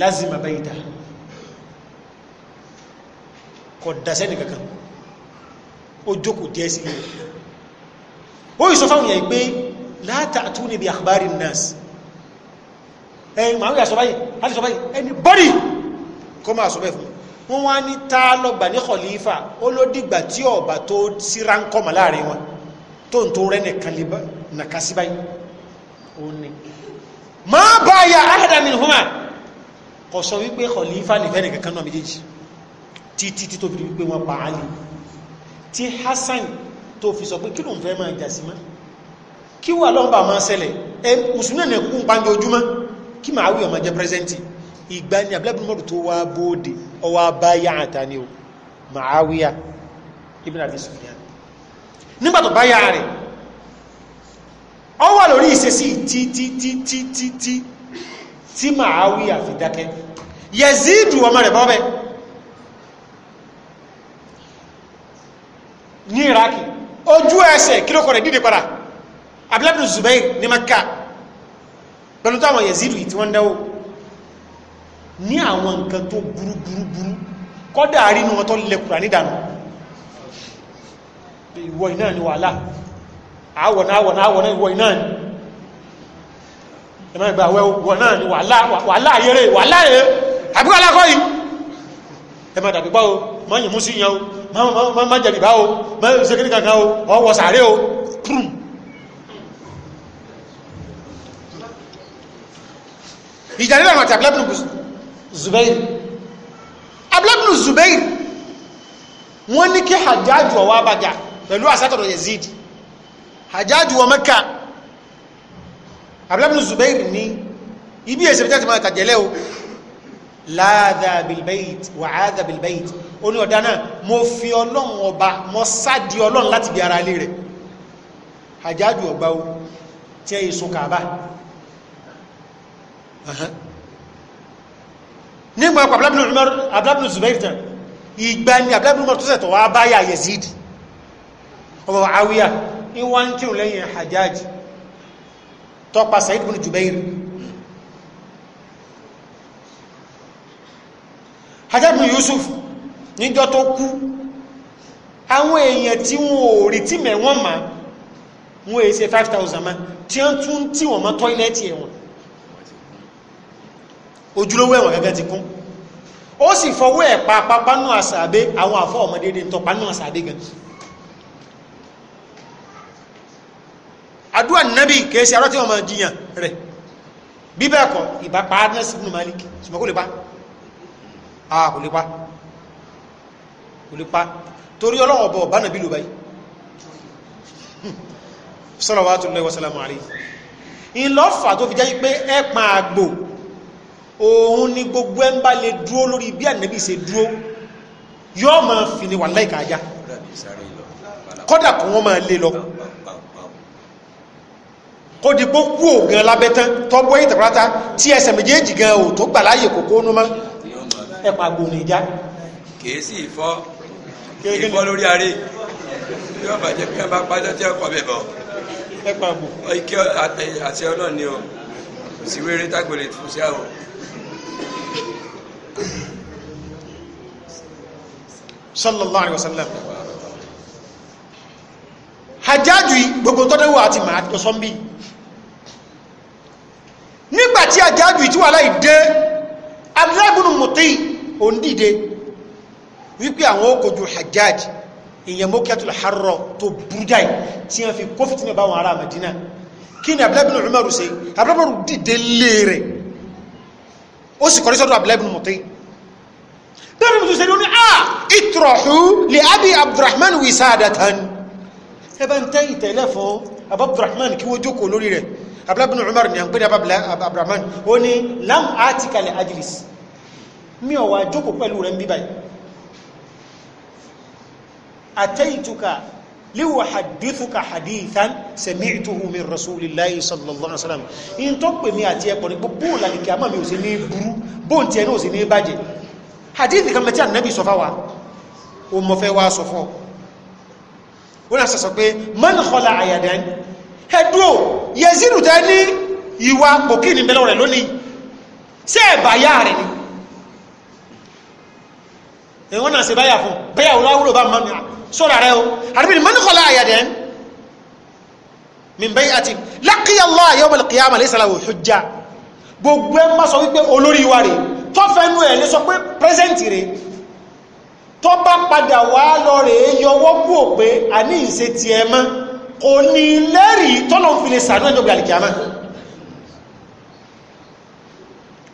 lázima bayta kò dásẹ́ nìkankan ó jókòó díẹ̀ sí ilé ó yìí sọ fáwọn èèyàn pé láta àtúnni bí àkbárí nurse ẹ̀yìn màá ń yà sọ láti sọ báyìí anybody kó máa sọ bẹ́ẹ̀ fún wọn wá ní tá a lọ gbà ní kọlífà ó ló dìgbà tí ọba tó síra ń kọmọ láàrin wọn tó ń tó rẹ nìkan wípé kọlífà nìfẹ́ nìkan kan náà méjèèjì títí tó fi wípé wọn pa á lè ní tí Hassan tó fi sọ pé kí ló ń fẹ́ máa jà sí mọ́ kí wà lọ́nbà máa ṣẹlẹ̀ ẹ mùsùlùmí náà kú ń pàjọ ojúmọ́ kí màá wí ọmọ jẹ pírẹsẹ́ǹtì ìgbà ni abúlébùn mọ́dù tó wá bóde ọwọ́ abáyá àtàní o Muawiya ibn Abi Sufyan nígbà tó báyá rẹ̀ ọ lórí ìṣesí tí tí tí tí tí tí tí Muawiya fi dákẹ́ Yazidu ọmọ rẹ̀ bọ́ bẹ́ẹ̀ ní iraki ojú ẹsẹ̀ kílókọ̀ rẹ̀ dìde padà abdullahi zubair ní maka pẹ̀lú táwọn yazidu tí wọ́n dáwó ní àwọn nǹkan tó burú burú burú kọ́dà àrínú wọn tó lẹ́kùrà nídànù ìwọ̀ iná ni wàhálà àwọn àwọn àwọn ìwọ̀ iná ni ẹ̀mọ́ ìgbà àwẹ́ ìwọ̀ náà ni wàhálà ayẹ́rẹ́ wàhálà ayẹ́ àbúkọ́lákọ́ ẹ má dàbí pa o má yìnbó sí yan o má jẹ̀bi bá o má ṣe kí ní kankan o ọ wọ sàárẹ̀ o prum ìjà nílẹ̀ àwọn àti abúlẹ́bùnù zubair abúlẹ́bùnù zubair wọ́n ní kí hajjájú ọwọ́ abájá pẹ̀lú àsátọ̀rọ̀ yazid hajjájú wọ mẹ́ka abúlẹ́bùnù zubair ní ibi èsì tẹ́tì máa láàdà bilbait wàhádà bilbait ó ní ọ̀dá náà mo fi ọlọ́run ọba mo sáàdì ọlọ́run láti bí ara ilé rẹ̀ àjájú ọgbà o tí ẹ èso kàbá nígbà abúlábùnú zubair tán ìgbà ni abúlábùnú mọ́tò sẹ̀tọ̀ wá báyà yazid ọba hajjabu yusuf níjọ́ tó kú àwọn èèyàn tí wọn ò rí tí mẹ́wọ́n ma wọn èyí ṣe 5000 ma tí wọ́n tún tí wọ́n mọ́ tọ́ílẹ̀tì ẹ̀wọ̀n ojúlówó ẹ̀wọ̀n gẹ́gẹ́ ti kún ó sì fọwọ́ ẹ̀ pa pápánú àsàbé àwọn àfọ́ ọmọdédé ń tọpánú àsàbé gan àdúrà nábì kèé sí arọ́tí wọn máa jiyàn rẹ̀ bíbẹ̀ ẹ̀kọ́ ìbá pa adness ibn malik ṣùgbọ́n kò lè pa á a ah, kò lè pa kò lè pa torí ọlọ́wọ́ bọ̀ bá nàbí ló báyìí hmm. salawatullahi wa salamu alayhi ìlọ́fà tó fi jẹ́ pé ẹ̀pàn àgbò òun ni gbogbo ẹ̀ ń bá lè dúró lórí bí ànábì ṣe dúró yóò máa fi ni wà láìka ajá kódà kò wọ́n máa lé lọ kó di gbogbo ògan lábẹ́ tọ́gbọ́ ìtàkùrátá tí ẹsẹ̀ méjèèjì gan ò tó gbà láàyè kòkó nú ẹ̀pà gbòòrò ìjà. kìí sì fọ́ kìí fọ́ lórí aré yóò bàjẹ́ bí wọ́n bá pàjọ́ tí ọkọ̀ bẹ̀ bọ̀. ẹ̀pà gbò. ike àti ọlọ́ọ̀ ni o sì wéré tágbèrè fún sí àwọn. sallallahu alayhi wa sallam hajjájú gbogbo tọ́dẹ̀wò àti màá tó sọ́mbì nígbàtí hajjájú tí wà láì dé abdullahi bin muti òǹdìde wípé àwọn òkòjò hajjaj èèyàn mọ́kẹ́tùl harrọ tó búrúdà tí wọ́n fi kó fìtínà bá wọn ará Madina kí ni Abdullah bin Umar ṣe Abdullah bin Umar dìde lé rẹ̀ ó sì kọrí sọ́dọ̀ Abdullah bin Muti bẹ́ẹ̀ bí mo ṣe ní à ah, ìtùrọ̀hù lè abi Abdurrahman wisadatan ẹbá ń tẹ́ ìtẹ̀lẹ́ fún Abdurrahman kí wọ́n jókòó lórí rẹ̀ Abdullah bin ni à ń pè ní Abdurrahman ó ní lam atika ajlis mi ò wá jókòó pẹ̀lú rẹ̀ ń bí báyìí àtẹ́ìtùkà líwọ̀ hadithuka hadithan sami'tuhu min rasulillahi sallallahu alaihi wasallam in tó pè mí àti ẹ̀pọ̀ ní gbogbo làlìkì àmà mi ò sí ní burú bó ti ẹni ò sí ní bàjẹ́ hadithi kan mẹ́tí ànábì sọ fáwa o mọ̀ fẹ́ wá sọ fọ́ wọ́n náà sọ man khala àyàdán ẹ̀dùn yẹ̀zínú tẹ́ ní ìwà pòkí ní bẹ́lẹ̀ rẹ̀ lónìí ni ẹ̀wọ́n náà ṣe báyà fún báyà wọn láwúrò bá mọ́ sọ́ra rẹ o àdúgbò mọ́ni kọ́lá àyà dẹ́ mi bẹ́yà àti lákìyà Allah yawm al-qiyamah laysa lahu hujja gbogbo ẹ̀ má sọ wípé olórí wa rè tọ́fẹ́nu ẹ̀ lè sọ pé pẹ́sẹ́ǹtì rè tó bá padà wá lọ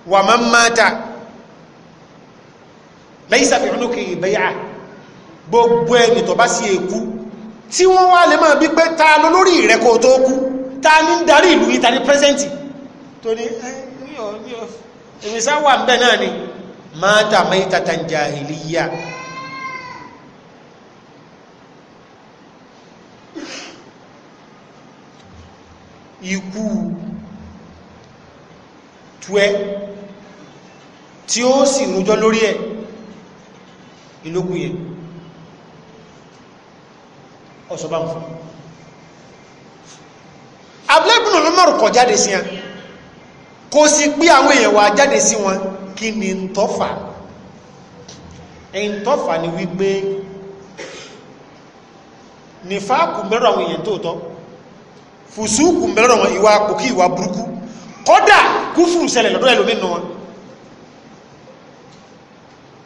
mọ́ kò lẹ́yìnsà fi ọ̀nà kìí bẹ́yà gbogbo ẹni tó bá sí èkú tí wọ́n wá lè máa bí pé ta ló lórí rẹ̀ kó tó kú ta ní darí ìlú yìí ta ní pẹ́sẹ́ǹtì tó ní ìrìnsá tí ó sì rújọ lórí ẹ̀ ìlókù yẹn ọ̀sọ̀bá ń fún abúlébùnà lọ́mọ̀rù kọ̀ jáde sí wọn kò sí pé àwọn èèyàn wà jáde sí wọn kí ni ń tọ́fà ẹ̀yìn tọ́fà ni wípé nífàákù mẹ́rọ àwọn èèyàn tóòtọ́ fùsùkù mẹ́rọ wọn ìwà àpòkí ìwà burúkú kọ́dà kúfùrù ṣẹlẹ̀ lọ́dọ̀ ẹlòmínú wọn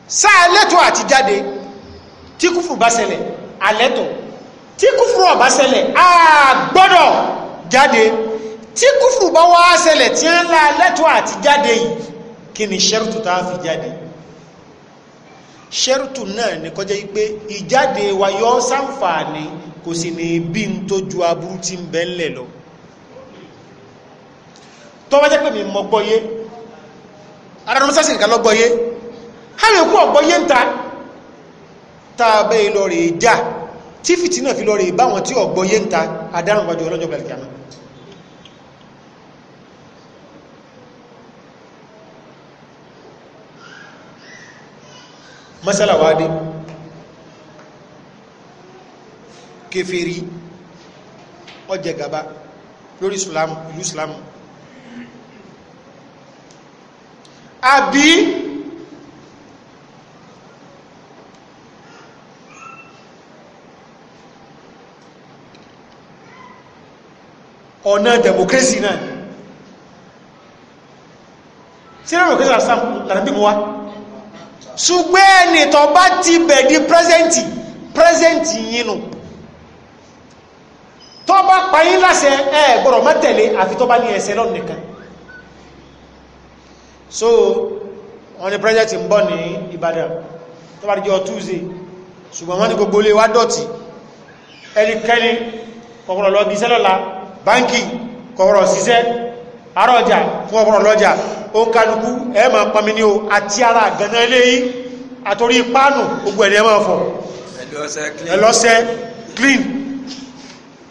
sáà lẹ́tọ̀ àti jáde tí kúfùrù bá ṣẹlẹ̀ àlẹ́tọ̀ tí kúfùrù ọ̀bá ṣẹlẹ̀ àgbọ́dọ̀ jáde tí kúfùrù bá wá ṣẹlẹ̀ tí ń la lẹ́tọ̀ àti jáde yìí kí ni ṣẹ́rùtù tá a fi jáde ṣẹ́rùtù náà ní kọjá yìí pé ìjáde wa yọ sáǹfààní kò sì ní bí n tó ju aburú tí ń bẹ ńlẹ̀ lọ tọ́wọ́ pé mi mọ́ gbọ́yé ara ló sásìkà lọ́gbọ́yé hàrẹ̀kú ọ̀gbọ́ yé ń ta tàbẹ́ ilọ̀ rẹ̀ já tí fìtínà fi lọ rẹ̀ bá wọn tí ọ̀gbọ́ yé ń ta àdáràn wájú ọlọ́jọ́ bẹ̀rẹ̀ kìámà masala wa gaba lórí ìlú islamu àbí ọ̀nà democracy náà tí lọ́nà democracy àṣà lànàbí mú wá ṣùgbẹ́ ẹni bá ti bẹ̀ di pírẹ́sẹ̀ntì pírẹ́sẹ̀ntì yìí nù tó bá payín láṣẹ ẹ gbọ́dọ̀ má tẹ̀lé àfi tó bá ní ẹsẹ̀ lọ́nà nìkan so wọ́n ní pírẹ́sẹ̀ntì ń bọ̀ ní Ìbàdàn tó bá di jọ Tuesday ṣùgbọ́n wọ́n ní gbogbo ilé wa dọ̀tí ẹnikẹ́ni kọ̀kọ̀rọ̀ báńkì kọ̀ọ̀rọ̀ síṣẹ́ arọ́jà fún ọkọ̀rọ̀ lọ́jà ó ń kálukú ẹ máa pọnmi ní o àti ara àgànná eléyìí àtòrí páànù gbogbo ẹ̀dẹ̀ máa fọ̀ ẹlọ́sẹ̀ clean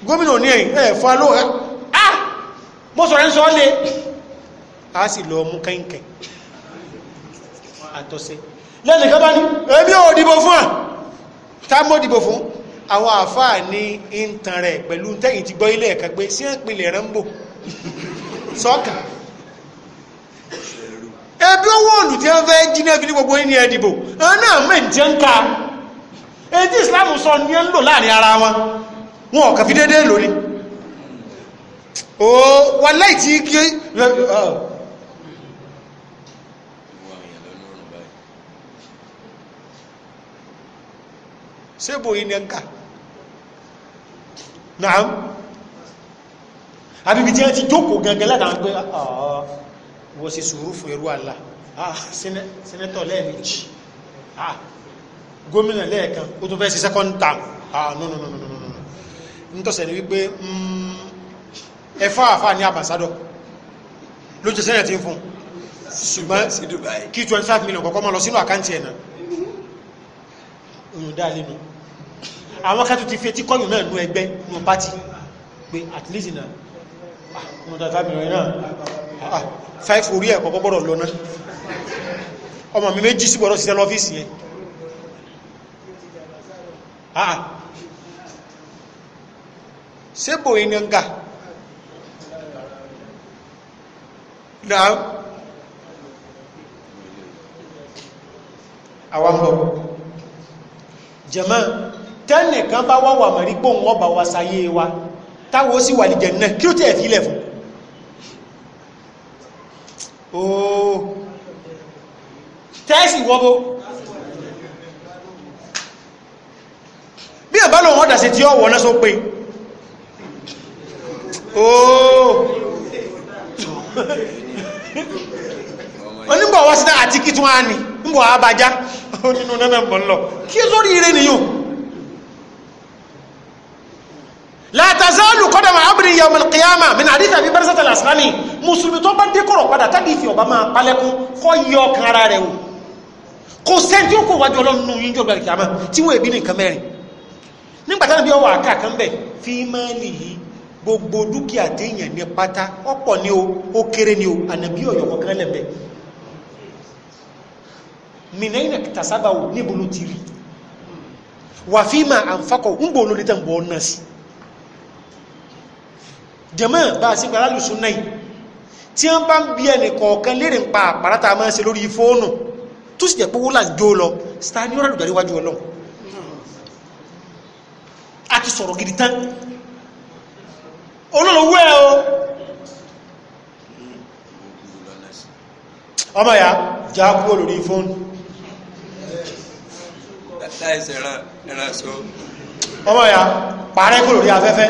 gómìnà ní ẹ̀yìn ẹ̀ fọ́ aló ẹ̀ ah mo sọ̀rọ̀ ń sọ ọ́ lé a sì lọ mú kẹ́ǹkẹ́ àtọ́sẹ́ lẹ́nìkan bá ní èmi ò dìbò fún à tá mo dìbò fún àwọn àfáà ní ìntàn rẹ̀ pẹ̀lú tẹ́yìn ti gbọ́ ilé ẹ̀ka pé sí ń pinlẹ̀ rambo sọ́ọ̀kà ẹbí owó òlù tí wọ́n fẹ́ jí náà ní gbogbo ní ẹ̀dìbò àwọn náà mẹ́rin Islam sọ ní ẹ ń lò láàrin ara wọn wọn ọ̀kà fi déédéé lórí o wà ni ń kà naam àbíbi tí wọ́n ti jókòó gangan látàwọn pé ah, wọ́n ṣe sùúrù fún irú àlá ah, sẹ́nẹ́tọ̀ lẹ́ẹ̀mejì ah, gómìnà lẹ́ẹ̀kan ó tún fẹ́ sí second term ah no no no no no no nítọ̀sẹ̀ ni wípé mm, ẹfà àfà ní àbàsádọ̀ ló jẹ́ sẹ́nẹ̀ tí ń fún ṣùgbọ́n kí 25 million kọ́kọ́ mọ́ lọ sínú àkáǹtì ẹ̀nà òyìnbá lẹ́nu àwọn kẹtù ti fi etí kọ́yùn náà nú ẹgbẹ́ nú pátì pé at least na ah, ọmọ tàbí àmìrìn náà ah, five orí ẹ̀kọ́ gbọ́dọ̀ lọ náà ọmọ mi méjì sí gbọ́dọ̀ síṣẹ́ lọ́fíìsì yẹn sébò ah, ìnanga náà àwọn ọmọ jẹ́mọ́ tẹ́nìkan bá wà wà mọ̀rí pò wọ́n bá wa sáyé wa táwọn ó sì wà lìjẹ̀ náà kí ló tẹ̀ fi ilẹ̀ fún ooo tẹ́sì wọ́bó bí ẹ̀bá lòun ọ̀dà sí tí ó wọ̀ náà só pé ooo onígbọ̀ wọ́n sí náà àti kí tún á ní ń bọ̀ abájá onínú náà bọ̀ ń lọ kí lórí ire nìyàn la tazalu qadama abdi yawm al-qiyamah min hadith Abi Barzah al-Aslami mùsùlùmí tó bá dé kọ̀rọ̀ padà tàbí ìfì ọba máa palẹ́kún kọ́ yọ ọkàn ara rẹ̀ o kò sẹ́ni tí ó kò wájú ọlọ́run nù yíjọ́ al-qiyamah tí wọ́n èbí ní nǹkan mẹ́rin nígbà tánà bí ọwọ́ àká kan fi máa lè yí gbogbo dúkìá téèyàn ní pátá ọ̀pọ̀ ni o ó kéré ni o ànàbí ọ̀yọ̀ kọ̀ọ̀kan lẹ̀ jẹ̀mọ́ bá a sí pẹ̀lú alùsùn náà tí wọ́n bá ń bí ẹnì kọ̀ọ̀kan léèrè ń pa àpárá tá a máa ń ṣe lórí fóònù tó sì jẹ́ pé wúlà ń jó lọ sani ọ̀rọ̀ àlùjáde wájú ọlọ́run a ti sọ̀rọ̀ gidi tán olólùwẹ́ o ọmọ ya já kúrò lórí fóònù ọmọ ya pàrẹ́ kúrò lórí afẹ́fẹ́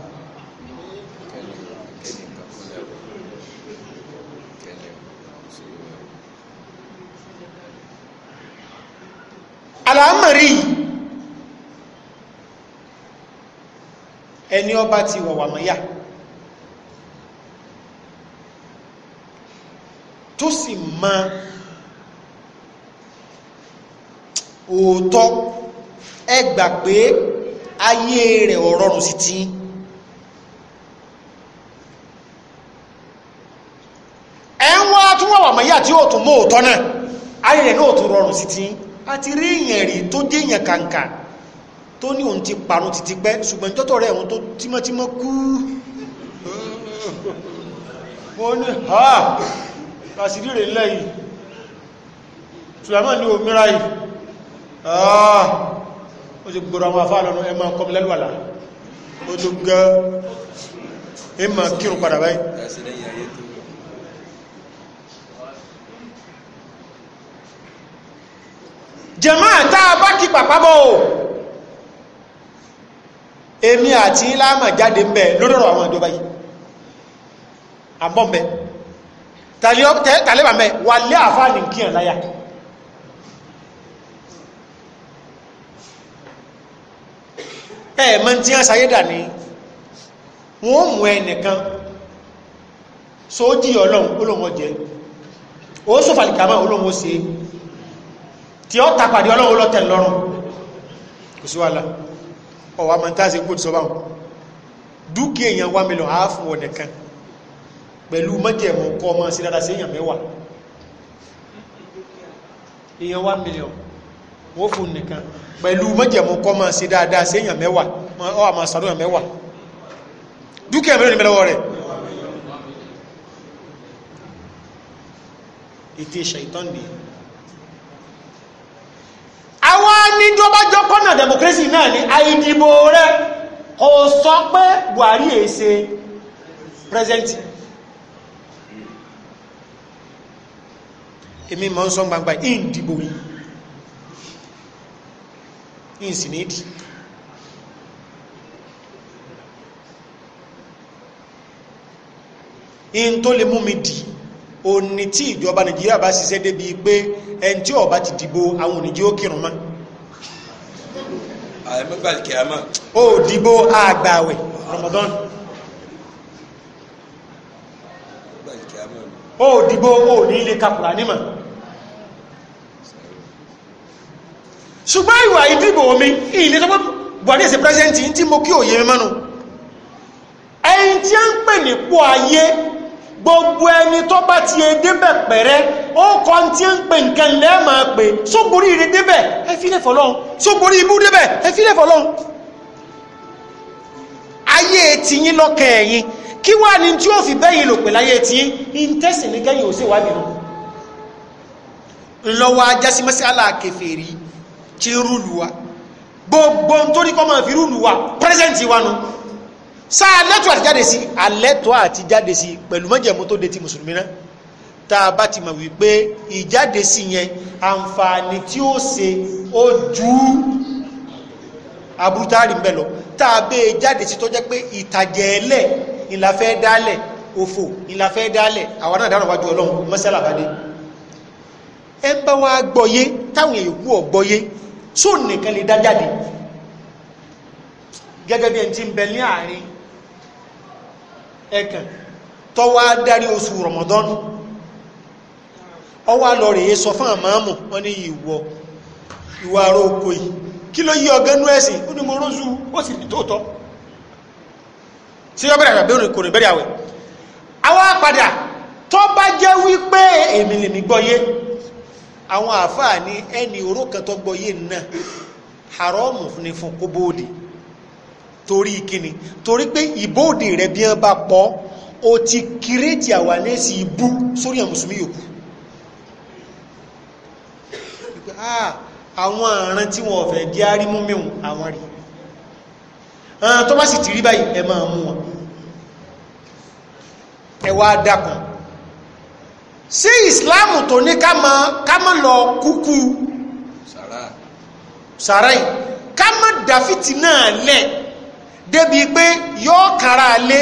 rí ẹni ọba ti wọ̀wà mọ́yà tó sì ma òótọ́ ẹ gbà pé ayé rẹ̀ ọ̀rọ̀rùn sí ti ẹ̀ ń wá tún wọ̀wà mọ́yà tí ó tún mọ́ òótọ́ náà ayé rẹ̀ náà tún rọrùn sí ti a ti rí èèyàn rí tó jẹ́ èèyàn kàǹkà tó ní òun ti parun títí pẹ́ ṣùgbọ́n jọ́tọ̀ rẹ̀ òun tó tímọ́tímọ́ kú wọ́n ní ha kàṣírí rẹ̀ lẹ́yìn Sulaiman ní omíra yìí ah ó ti gbọ́rọ̀ àwọn afá lọ́nà ẹ máa kọ́mi lẹ́lúwàlá ó tó gẹ́ ẹ máa padà báyìí jẹ̀máà tá a bá kí pàpá bọ̀ o èmi àti láàmà jáde ń bẹ lódọ̀rọ̀ àwọn ìjọba yìí àbọ̀ mẹ́ tàlẹ́bà mẹ́ wà lé àfáà ní kí ẹ̀ láyà ẹ̀ẹ̀mọ́ tí wọ́n sayédà ní wọ́n mú ẹnìkan sójì ọlọ́run olóhun ọjẹ́ ó sófàlìkàmá olóhun ó se é tí ó tapàdé ọlọ́run lọ́tẹ̀ lọ́rùn kò sí wàhálà ọwà mọ̀ tàà sí kò tí sọ báwọn dúkìá èèyàn wá mílọ̀ àáfún ọ̀nà kan pẹ̀lú mọ́jẹ̀mọ̀ kọ́ ọmọ sí dáadáa sí èèyàn mẹ́wàá èèyàn wá mílọ̀ wọ́n fún nìkan pẹ̀lú mọ́jẹ̀mọ̀ kọ́ ọmọ sí dáadáa sí èèyàn mẹ́wàá ọwà mọ̀ sàdúyàn mẹ́wàá dúkìá mẹ́rin mẹ́lọ́wọ́ rẹ̀ ètè ṣàìtàn nìyẹn ní tó bá jọ kọ́nà democracy náà ni àìdìbò rẹ kò sọ pé Buhari è ṣe president èmi mọ̀ ń sọ gbangba ìdìbò yìí ìsìnìdì in tó lè mú mi dì òní tí ìjọba Nàìjíríà bá ṣiṣẹ́ débi pé ẹni tí ó ti dìbò àwọn òníjí ó kírun mọ́ àyẹ̀mẹ́gbàlìkì àmọ́ ó dìbò àgbàwẹ̀ Ramadan ó dìbò ó ní ilé kapùrà nímọ̀ ṣùgbọ́n ìwà ìdìbò omi ilé tó pẹ́ Buhari ẹ̀sẹ̀ pẹ́sẹ̀ntì tí mo kí òye mẹ́nu ẹ̀yìn tí a ń pè ní pọ́ ayé gbogbo ẹni tó bá ti e débẹ̀ pẹ̀rẹ́ ó kọ́ tí ń pè nǹkan lẹ́ẹ̀ máa pè sóborí ire débẹ̀ ẹ fi lè fọlọ́hún sóborí ibú débẹ̀ ẹ fi lè fọlọ́hún. ayé tiyín lọ́kàn ẹ̀yìn kí wàá ní tí ó fi bẹ́yìn lò pè láyé tiyín ìǹtẹ́sì ní kẹ́yìn ò sí ìwádìí lọ. ńlọ́wọ́ ajásí mọ́sálà kẹfẹ́rì ti rúlu wa gbogbo nítorí kọ́ máa fi rúlu wa wa nù. No sa lẹ́tọ̀ àti jáde sí alẹ́tọ̀ àti jáde sí pẹ̀lú mọ́jẹ̀mú tó de ti mùsùlùmí náà tá a bá ti mọ̀ wípé ìjáde sí yẹn àǹfààní tí ó ṣe ó ju aburutari ń bẹ lọ tá a bẹ́ẹ̀ jáde sí tó jẹ́ pé ìtàjẹ̀ ẹlẹ̀ ìlà fẹ́ dálẹ̀ òfò ìlà dálẹ̀ àwọn náà dáná wájú ọlọ́run mọ́sálà bàdé ẹ ń bá wa gbọ́yé táwọn èèyàn kú ọ̀ gbọ́yé tó nìkan lè dá jáde gẹ́gẹ́ bí ẹni tí ń bẹ ní àárín ẹ̀kàn tọ́wọ́ adarí oṣù Ramadan ọwọ́ àlọ́ rèé sọ fún àmàmù wọn ní ìwọ ìwà àrò oko yìí kí ló yí ọgánú ẹ̀sìn ó ní mo rójú ó sì rí tóótọ́ sí ọbẹ̀rẹ̀ àgbàbẹ̀ òní kò ní bẹ̀rẹ̀ àwẹ̀ tó bá jẹ́ wípé gbọ́yé àwọn àfáà ní ẹni tó gbọ́yé náà fún kóbóòdì torí kíni torí pé ìbóòdè rẹ̀ bí wọ́n bá pọ̀ o ti kírètì àwàlẹ́sì ibú sórí àwọn mùsùlùmí yòókù ah, àwọn àrùn tí wọ́n fẹ́ di arímú mìíràn àwọn rí tó bá sì ti rí báyìí ẹ máa mú wọn ẹ wá dákun ṣé ìsìláàmù tó ní ká lọ kúkú sàráì ká má náà lẹ́ẹ̀ débi pé yóò kára alé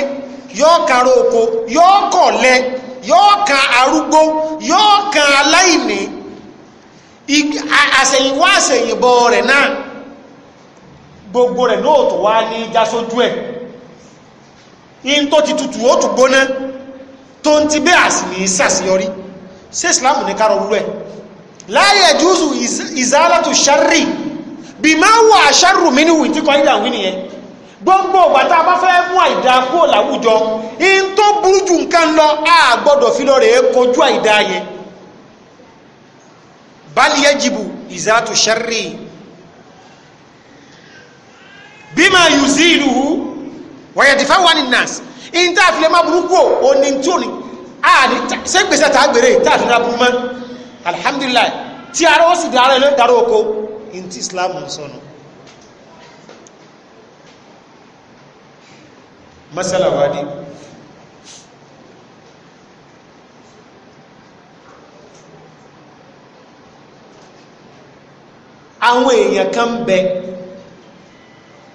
yóò kára oko yóò kọ̀lẹ̀ yóò kan arúgbó yóò kan aláìní àṣẹ̀yìnwá àṣẹ̀yìnbọ̀ rẹ̀ náà gbogbo rẹ̀ náà tó wá ní já sójú ẹ̀ in tó ti tutù ó tún gbóná tó ń ti bẹ́ àsì ní sí islam ní kárọ̀ rú ẹ̀ láyé jùsù ìzálàtù sharri bí máa wà sharru mínú ìtíkọ̀ ìdàwí nìyẹn gbogbo ìgbà tá a bá fẹ́ mú àìdá kúrò láwùjọ in tó burú jù nǹkan lọ a gbọ́dọ̀ fi lọ rèé kojú àìdá yẹn bali yajibu ìzátù sharri bima yuziluhu wa yadfa'u anin nas in tá a fi lè má burú kúrò òní tí òní a ní ṣé gbèsè tá a gbèrè tá a fi náà burú mọ́ alhamdulillah tí ara ó sì dára ẹ̀ ló ń darọ́ oko in ti islam sọnù. So no. masala wa dé àwọn èèyàn kan ń bẹ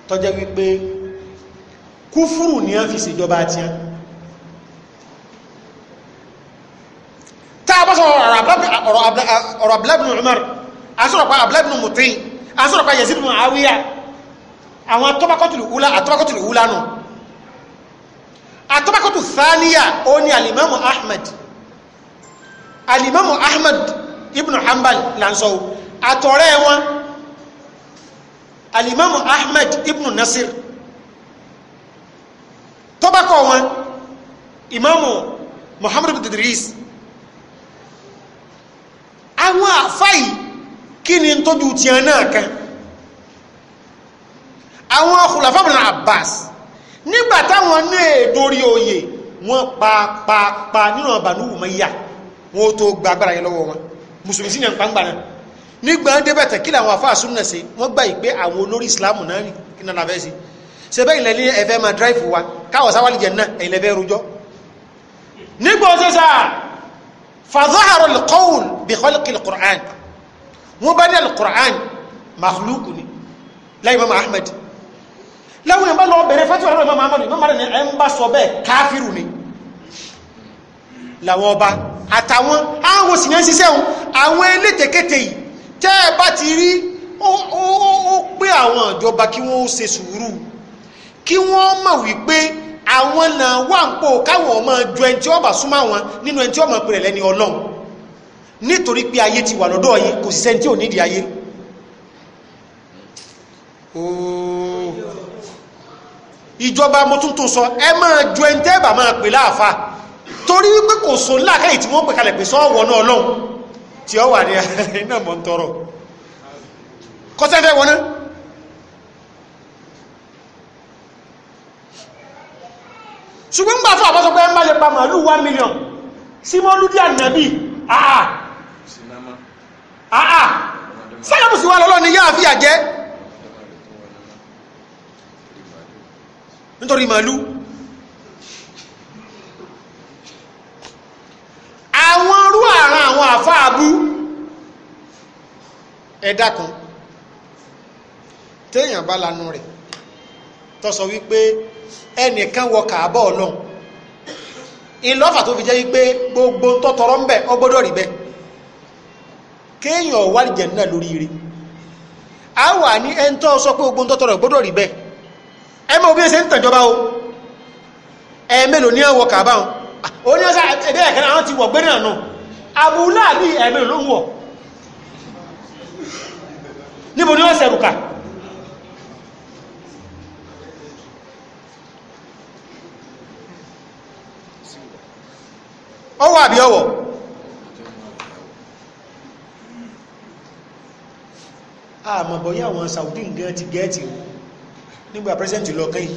tọ́jẹ́ wípé kúfúrù ní án fi ṣèjọba àti án tàbí ọ̀rọ̀ abúlábìnú Umar asọ́rọ̀pá abúlábìnú mutin asọ́rọ̀pá yẹ̀sìdìmọ̀ àwíyà àwọn atọ́bakọ́tùlù wúlá nù àtọ́bàkọ́tù thaniya ó ní alimamu ahmed alimamu ahmed ibn hanbal lansọ àtọ̀rẹ́ wọn alimamu ahmed ibn nasir tọ́bàkọ́ wọn imamu muhammad ibn idris àwọn àfáì kí ni tọ́jú tiẹ̀ náà kan àwọn khulafa ibn abbas nígbà táwọn náà dórí oyè wọ́n pa pa pa nínú ọ̀bànú wùmọ̀ yà wọ́n tó gba agbára yẹn lọ́wọ́ wọn mùsùlùmí sí yàn pàǹgbà náà nígbà débẹ̀ tẹ̀ kí làwọn afáà súnmọ̀ sí wọ́n gbà yìí pé àwọn olórí ìsìláàmù náà rí kí nàlá fẹ́ sí sẹ́bẹ̀ ilẹ̀ ní ẹ̀fẹ́ máa dráìfù wa káwọ̀ sáwálì jẹ̀ náà ẹ̀yìn lẹ́fẹ́ rojọ́ nígbà ọ̀sẹ̀ sáà fàzọ́hàrọ̀ lẹ́kọ́wùl bí kọ́lẹ́kì lẹ́kùrán wọ́n bá ní lẹ́kùrán màkúlùkù ni láì mọ́mọ́ Ahmed láwọn èèyàn bá lọ bẹ̀rẹ̀ fẹ́tí ọ̀rọ̀ ìmọ̀ mamadu ìmọ̀ mamadu ni ẹ ń bá sọ bẹ́ẹ̀ káfíru ni làwọn ọba àtàwọn àwọn sì ní ṣiṣẹ́ wọn àwọn elétekéte yìí tẹ́ ẹ bá ti rí ó pé àwọn ìjọba kí wọ́n ṣe sùúrù kí wọ́n mọ̀ wípé àwọn náà wà ń pò káwọn ọmọ ju ẹni tí ọba súnmọ́ àwọn nínú ẹni tí ọmọ pèrè lẹ́ni ọlọ́run nítorí pé ayé ti wà lọ́dọ̀ yìí kò sì sẹ́ni tí ò nídìí ayé. ooo ìjọba mo tún tún sọ ẹ máa ju ẹni tẹ́ẹ̀bà máa pè láàfà torí wípé kò sọ láàkàyè tí wọ́n pè kalẹ̀ pé sọ́ọ̀wọ́ náà lọ́hùn tí ọ wà ní iná mọ̀ ń tọrọ kọ́sẹ́fẹ́ wọn náà ṣùgbọ́n gbà fún àbọ́sọ pé ẹ má lè pa màálù 1 million sí mọ́ lúdí ànàbí àà àà sálàmùsí wà lọ́lọ́ ni yáà fi àjẹ́ nítorí màálù àwọn rú àrà àwọn àfáàbú ẹ̀dá kan téèyàn bá lanu rẹ̀ tó sọ wípé ẹnìkan wọ kàábọ̀ ọlọ́run ìlọ́fà tó fi jẹ́ wípé gbogbo tó tọrọ ń bẹ̀ ọgbọ́dọ̀ rí bẹ́ẹ̀ kéèyàn wà lìjẹ̀ náà lórí ire a wà ní ẹni sọ pé gbogbo tó tọrọ rí bẹ́ẹ̀ ẹ obi bí ẹ o ẹ ní ẹwọ kàbá o ó ní ọ̀sá ẹ̀dẹ́ ẹ̀kẹ́ni àwọn ti wọ̀ gbé náà nù abúlá bí ẹ ló ń wọ̀ níbo ni wọ́n ṣẹ̀rù kà ọwọ́ àbí ọwọ́ àmọ̀bọ̀yá àwọn Saudi nǹkan ti gẹ́ẹ̀tì o nígbà president lọ kẹ́ yìí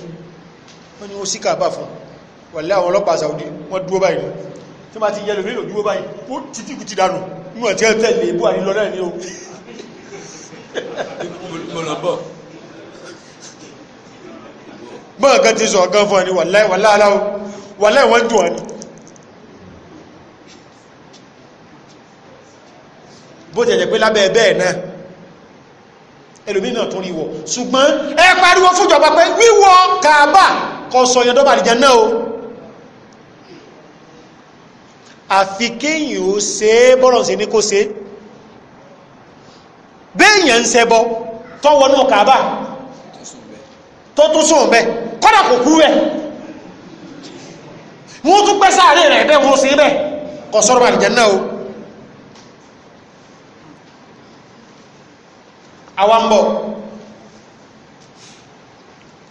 wọ́n ni ó sí kàbà fún wàlẹ́ àwọn ọlọ́pàá Saudi wọ́n dúró báyìí ni tí wọ́n ti yẹ lómi lòdúró báyìí ó ti dìkù ti dànù inú àti ẹ̀tẹ̀ lè bú àní lọ́rẹ́ ni o bọ́n kan ti sọ ọ̀gán fún ẹni wàlẹ́ aláwọ̀ wàlẹ́ wọ́n dùn ẹni bó tẹ̀lẹ̀ pé lábẹ́ bẹ́ẹ̀ náà ẹlòmí náà tún rí wọ ṣùgbọ́n ẹ pariwo fújọba pé wíwọ kàábà kọ sọ yẹn dọ́bà àdìjẹ náà o àfi kéyìn ó ṣe é bọ́rọ̀ sí ní kó ṣe béèyàn ń ṣẹbọ tọwọ́ náà kàábà tó tún sùn bẹ́ẹ̀ kọ́dà kò kú bẹ́ẹ̀ wọ́n tún pẹ́ sáré rẹ̀ bẹ́ẹ̀ wọ́n ṣe bẹ́ẹ̀ kọ sọ́rọ̀ àdìjẹ náà o. Awambo,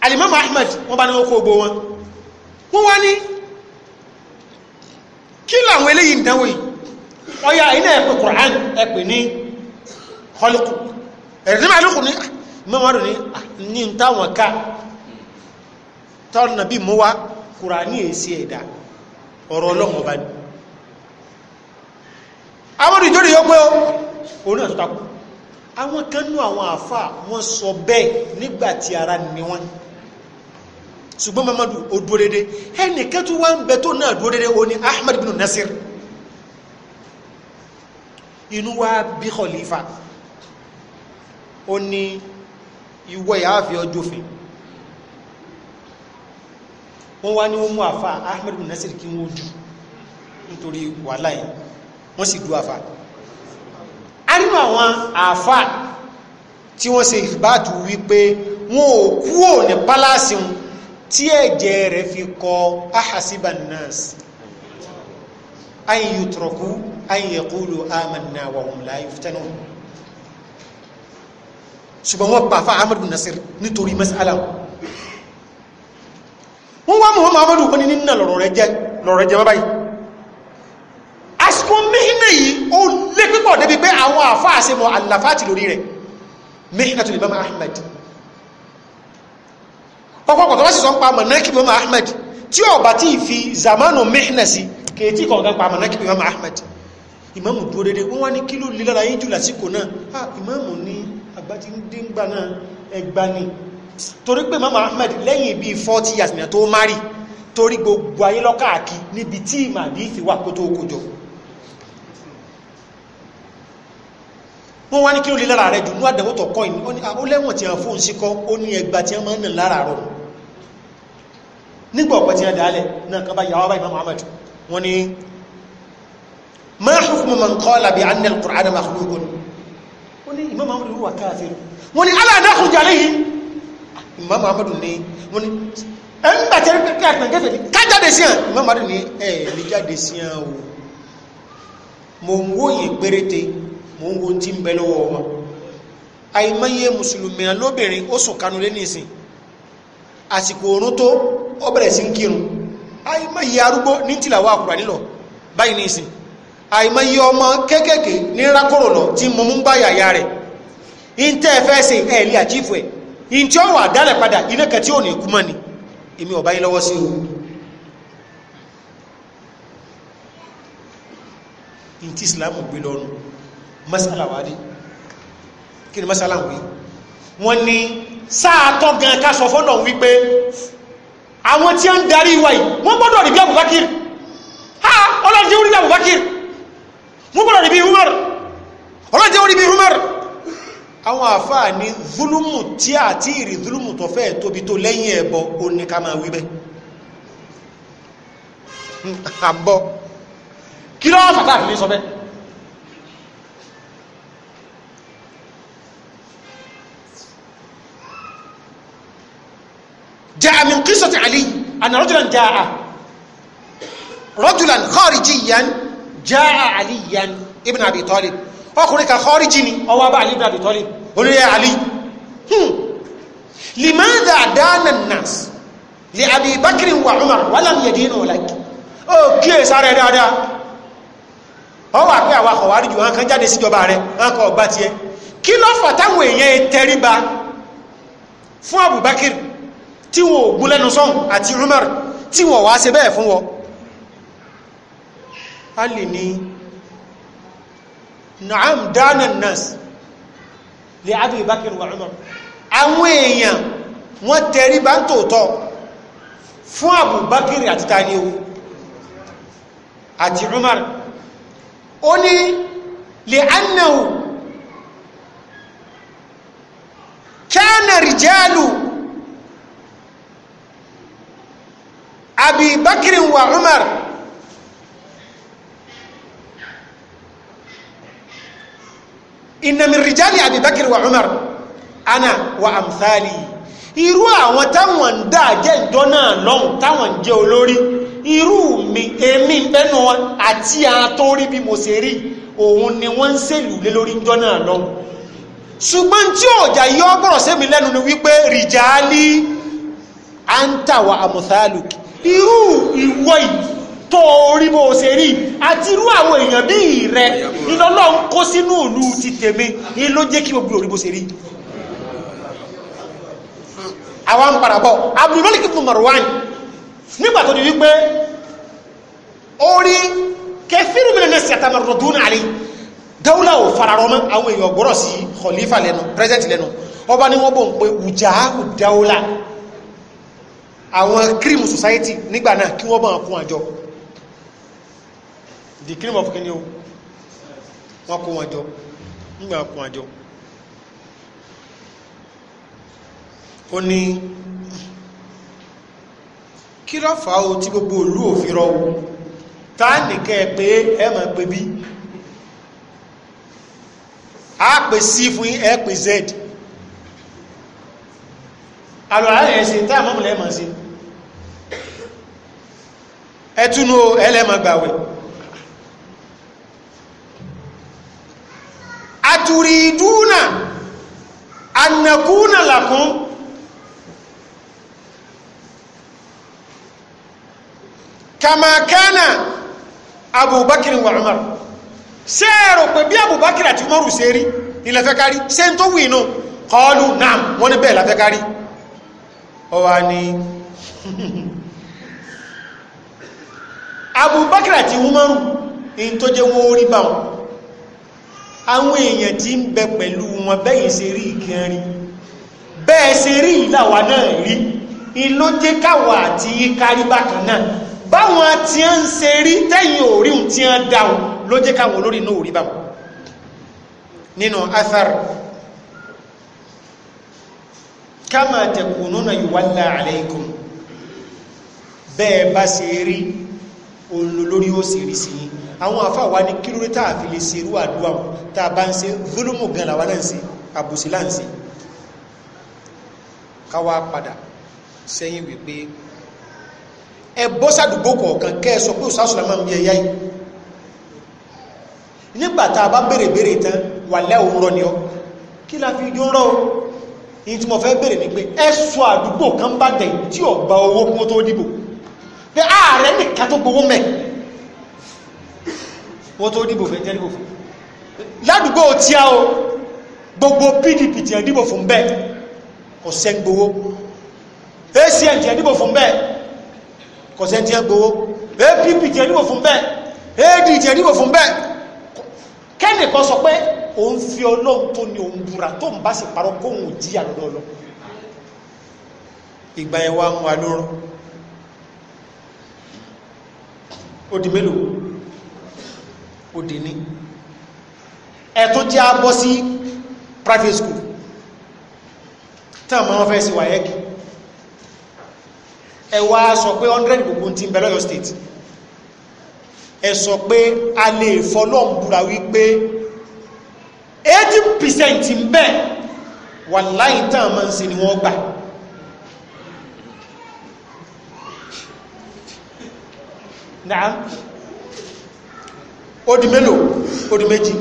alimam ahmed wọ́n bá ní wọ́n kó gbó wọn wọ́n wá ní kí làwọn eléyìí ìdánwò yìí ọya iná ẹ̀pẹ̀ Qur'an ẹ̀pẹ̀ ní kọlùkù ẹ̀rẹ̀ ní màálùkù ní mẹ́wàá ah, ní ní táwọn ká tọ́nà bí mú wá Qur'an ní èsì ẹ̀dá ọ̀rọ̀ ọlọ́mọba ni àwọn ìjọ́rìí yọ pé ó náà tó takù àwọn kan nú àwọn àfà wọ́n sọ bẹ́ẹ̀ nígbàtí ara ni wọ́n ṣùgbọ́n mamadu ó dúró dédé ẹnìkan tó wá ń bẹ tó náà dúró dédé ó ní ahmed bin nasir inú wa bí khalifa ó ní ìwọ ìyáàfi ọjọ́fin wọ́n wá ní wọ́n mú àfà ahmed bin nasir kí wọ́n jù nítorí wàhálà yìí wọ́n sì dú àfà arínú àwọn àfà tí wọ́n ṣe ìbátù wípé wọn ò kúrò ní pálásì wọn tí ẹ̀jẹ̀ rẹ̀ fi kọ ahasiban nas ayin yutraku ayin yaqulu amanna wa hum la yuftanun ṣùgbọ́n wọ́n pàfà ahmadu nasir nítorí masala wọ́n wá muhammadu wọ́n ni nínú lọ̀rọ̀ rẹ̀ jẹ́ báyìí pọ̀ débi pé àwọn àfáà ṣe mọ̀ àlàfáàtì lórí rẹ̀ mihnatul imam ahmed ọkọ̀ kọ̀tọ̀ wá sì sọ ń pa mọ̀nẹ́kì imam ahmed tí ó bá tí fi zamanu mihna sí kèétí kọ̀ọ̀gán pa mọ̀nẹ́kì imam ahmed Imamu dúró dédé wọ́n wá ní kí ló lílára yín jù lásìkò náà ah imam torí ahmed lẹ́yìn bíi forty years ní tó mari torí gbogbo ayé lọ́kàkí níbi tí ìmàdí ìfìwà kó tó kójọ wọ́n wá ní kí ló lè lára rẹ̀ jù ní àdàwọ̀ tó kọ́ ìní ó lẹ́wọ̀n tí a fóun sí kọ́ ó ní ẹgbà tí a máa ń nà lára rọ̀ nígbà ọ̀pọ̀ tí a dálẹ̀ náà kan bá yà wá báyìí máa Muhammad wọ́n ní máa hukmu man qala bi anna al-Qur'ana makhluqun ó ní Imam Muhammad huwa kafir wọ́n ní ala nakhruj alayhi Imam Muhammad ní wọ́n ní ẹ̀ ń tẹ́lẹ̀ kí a kàn kẹfẹ́ mo ń wo tí ń bẹ lọ́wọ́ wọn àìmọye mùsùlùmí lóbìnrin ó sùn kanu lé nìsín àsìkò oorun tó ó bẹ̀rẹ̀ sí ń kírun àìmọye arúgbó ní tìlàwọ́ àkùrà nílọ báyìí nìsín àìmọye ọmọ kéékèèké ní rákòrò lọ tí mo mú bá yàyà rẹ̀ ẹ fẹ́ ṣe àjífò ẹ̀ dálẹ̀ padà iná kan tí ò ní kú mọ́ ni èmi o masala wà dé kí ni masala wí wọ́n ní sáàtọ́ gan ká sọ fọ́nà wípé àwọn tí a ń darí wa yìí wọ́n gbọ́dọ̀ rí bí Abubakar ha ọlọ́run jẹ́ orí bí Abubakar wọ́n gbọ́dọ̀ rí bí Umar ọlọ́run jẹ́ orí bí Umar àwọn àfáà ní zulumu tí àti ìrì zulumu tó fẹ́ tóbi tó lẹ́yìn ẹ̀bọ ó ní ká máa wí bẹ́ hmm, àbọ̀ fàtà àfilé sọ bẹ́ẹ̀ أن رجلا جاء رجلا خارجيا جاء عليا ابن أبي طالب أخرك خارجي أو أبا علي بن أبي طالب قل يا علي هم. لماذا دان الناس لأبي بكر وعمر ولم يدينوا لك أو كي سارة دادا ọwọ́ àpẹ́ àwọn akọ̀wárí jù wọn kan jáde síjọba rẹ̀ wọn kọ̀ ọgbà tiẹ̀ kí ló fà táwọn èèyàn tẹríba fún Abubakar tí wọn ò gún lẹ́nu sọ́n àti Umar tí wọn wá ṣe bẹ́ẹ̀ fún wọn Ali ni naam dana nas li Abi Bakr wa Umar àwọn èèyàn wọ́n tẹrí bá ń tòótọ́ fún Abubakar àti tani àti Umar ó ní li annahu kana rijalu abi bakiri wa umar inna min rijali abi bakiri wa umar ana wa amthali irú àwọn táwọn ń dá jẹ́ ìjọ náà lọ́hùn táwọn ń jẹ́ olórí irú mi èmi bẹ́nu wọn àti àtórí bí mo ṣe rí òun ni wọ́n ń ṣèlú lé lórí ìjọ náà ṣùgbọ́n tí ọ̀jà yọ bọ̀rọ̀ sẹ́mi lẹ́nu ni wípé rìjálí anta wa amuthaluk irú ìwọ tó orí bó ṣe rí àti irú àwọn èèyàn bí rẹ ìlọ́lọ́ ń kó sínú ìlú ti tèmi ìló jẹ́ kí gbogbo orí bó ṣe rí àwọn parabọ̀ abdulmalik ibn marwan nígbà tó khalifa lẹ́nu president lẹ́nu ọba ni wọ́n bọ̀ ń pe wùjáhù àwọn cream society nígbà náà kí wọ́n bá kún àjọ the cream of kenya o wọ́n kún àjọ nígbà kún àjọ ó ní kí ló fà á tí gbogbo ìlú òfin rọ ta nìkẹ́ pé ẹ mọ̀ pé bí a pè c fún ẹ pè z àlọ́ àárẹ̀ ẹ̀sìn tá àmọ́mù lẹ́mọ̀ sí ẹtúnú ẹlẹ́mọ̀gbàwẹ̀ àtùrìdúnà ànàkúnà làkún kàmàkánà abubakir wa umar ṣe rò pé bí abubakir àti umaru ṣe rí ilẹ̀fẹ́kárí ṣe ń tó wù inú kọlu náà wọ́n ní bẹ́ẹ̀ láfẹ́kárí ọwá ni Abubakar àti Umaru in tó jẹ́ wọn orí bá wọn àwọn èèyàn tí ń bẹ pẹ̀lú wọn bẹ́yìn ṣe rí ìkẹrin bẹ́ẹ̀ ṣe rí ìlàwà náà rí ìló jẹ́ káwà àti kárí bákan náà báwọn tí ń ṣe rí tẹ́yìn òríhùn tí ń dáhùn ló jẹ́ káwọn olórin náà báwọn nínú athar kama takununa yuwalla alaykum bẹ́ẹ̀ bá ṣe rí òun lórí ó sì rí sí yí àwọn àfáwà ní kí lórí táà fi lè ṣe irú àdúwà tá a bá ń ṣe volumu gan làwà náà sí àbùsí láǹsí káwà padà sẹ́yìn wípé ẹ bọ́ sádùgbò kọ̀ọ̀kan kẹ́ ẹ sọ pé òsásùlá máa ń bí ẹyá yìí nígbà tá a bá béèrè béèrè tán wà lẹ́ òun ni ọ kí la fi jó rọ o ìyí fẹ́ béèrè ni pé ẹ sọ àdúgbò kan bá dẹ̀ tí ọ̀gbà owó kún tó dìbò pé ààrẹ ah, nìkan tó gbowó mẹ́ wọ́n tó dìbò fẹ́ jẹ́dìbò fún ládùúgbò tí a o gbogbo pdp tí a dìbò fún bẹ́ẹ̀ kò sẹ́ ń gbowó acn tí a dìbò fún bẹ́ẹ̀ kò sẹ́ tí a gbowó app tí a dìbò fún bẹ́ẹ̀ ad tí a dìbò fún bẹ́ẹ̀ kẹ́nìkan sọ pé òun fi ọlọ́run tó ní òun búra tó ń bá sì parọ́ kóhun jíyà lọ́dọ́ lọ ìgbà ẹ̀wà mú alóró ó di mélòó ó di ní ẹ̀tún jẹ́ abọ́ sí private school tán ma wọ́n fẹ́ sí wayek ẹ wá sọ pé 100 gbogbo ti ń bẹ lọ́yọ̀ state ẹ sọ pé a lè fọlọ́n búra wípé 80% ń bẹ wà láì tán ma ń ṣe ni wọ́n gbà náà odi mélòó odi méjì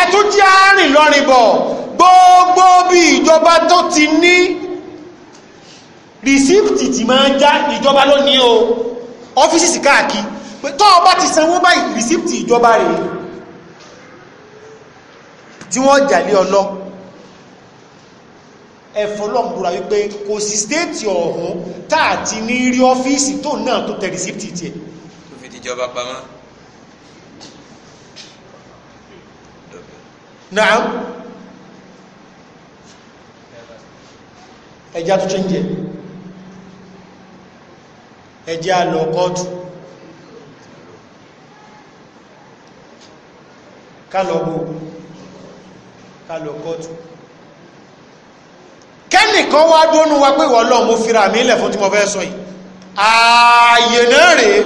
ẹ̀tún jẹ́ àárín lọ́rin bọ̀ gbogbo bí ìjọba tó ti ní rìsíptì tí máa ń já ìjọba ló ní o ọ́fíìsì káàkiri pé tọ́ ọba ti sanwó báyìí rìsíptì ìjọba rẹ̀ tí wọ́n jàlé ọlọ́ ẹ̀fọ́ lọ́gbùra wípé kò sí stéètì ọ̀hún táà ti ní rí ọ́fíìsì tó náà tó tẹ rìsíptì tiẹ̀ ìjọba pamọ́. naam ẹjá tó ṣe ń jẹ ẹjá lọ kọ́ọ̀tù kálọ̀bù kálọ̀ kọ́ọ̀tù kẹ́nìkan wá dónú wa pé wọ́n lọ́ọ̀ mo fira fún tí mo fẹ́ sọ yìí ààyè náà rèé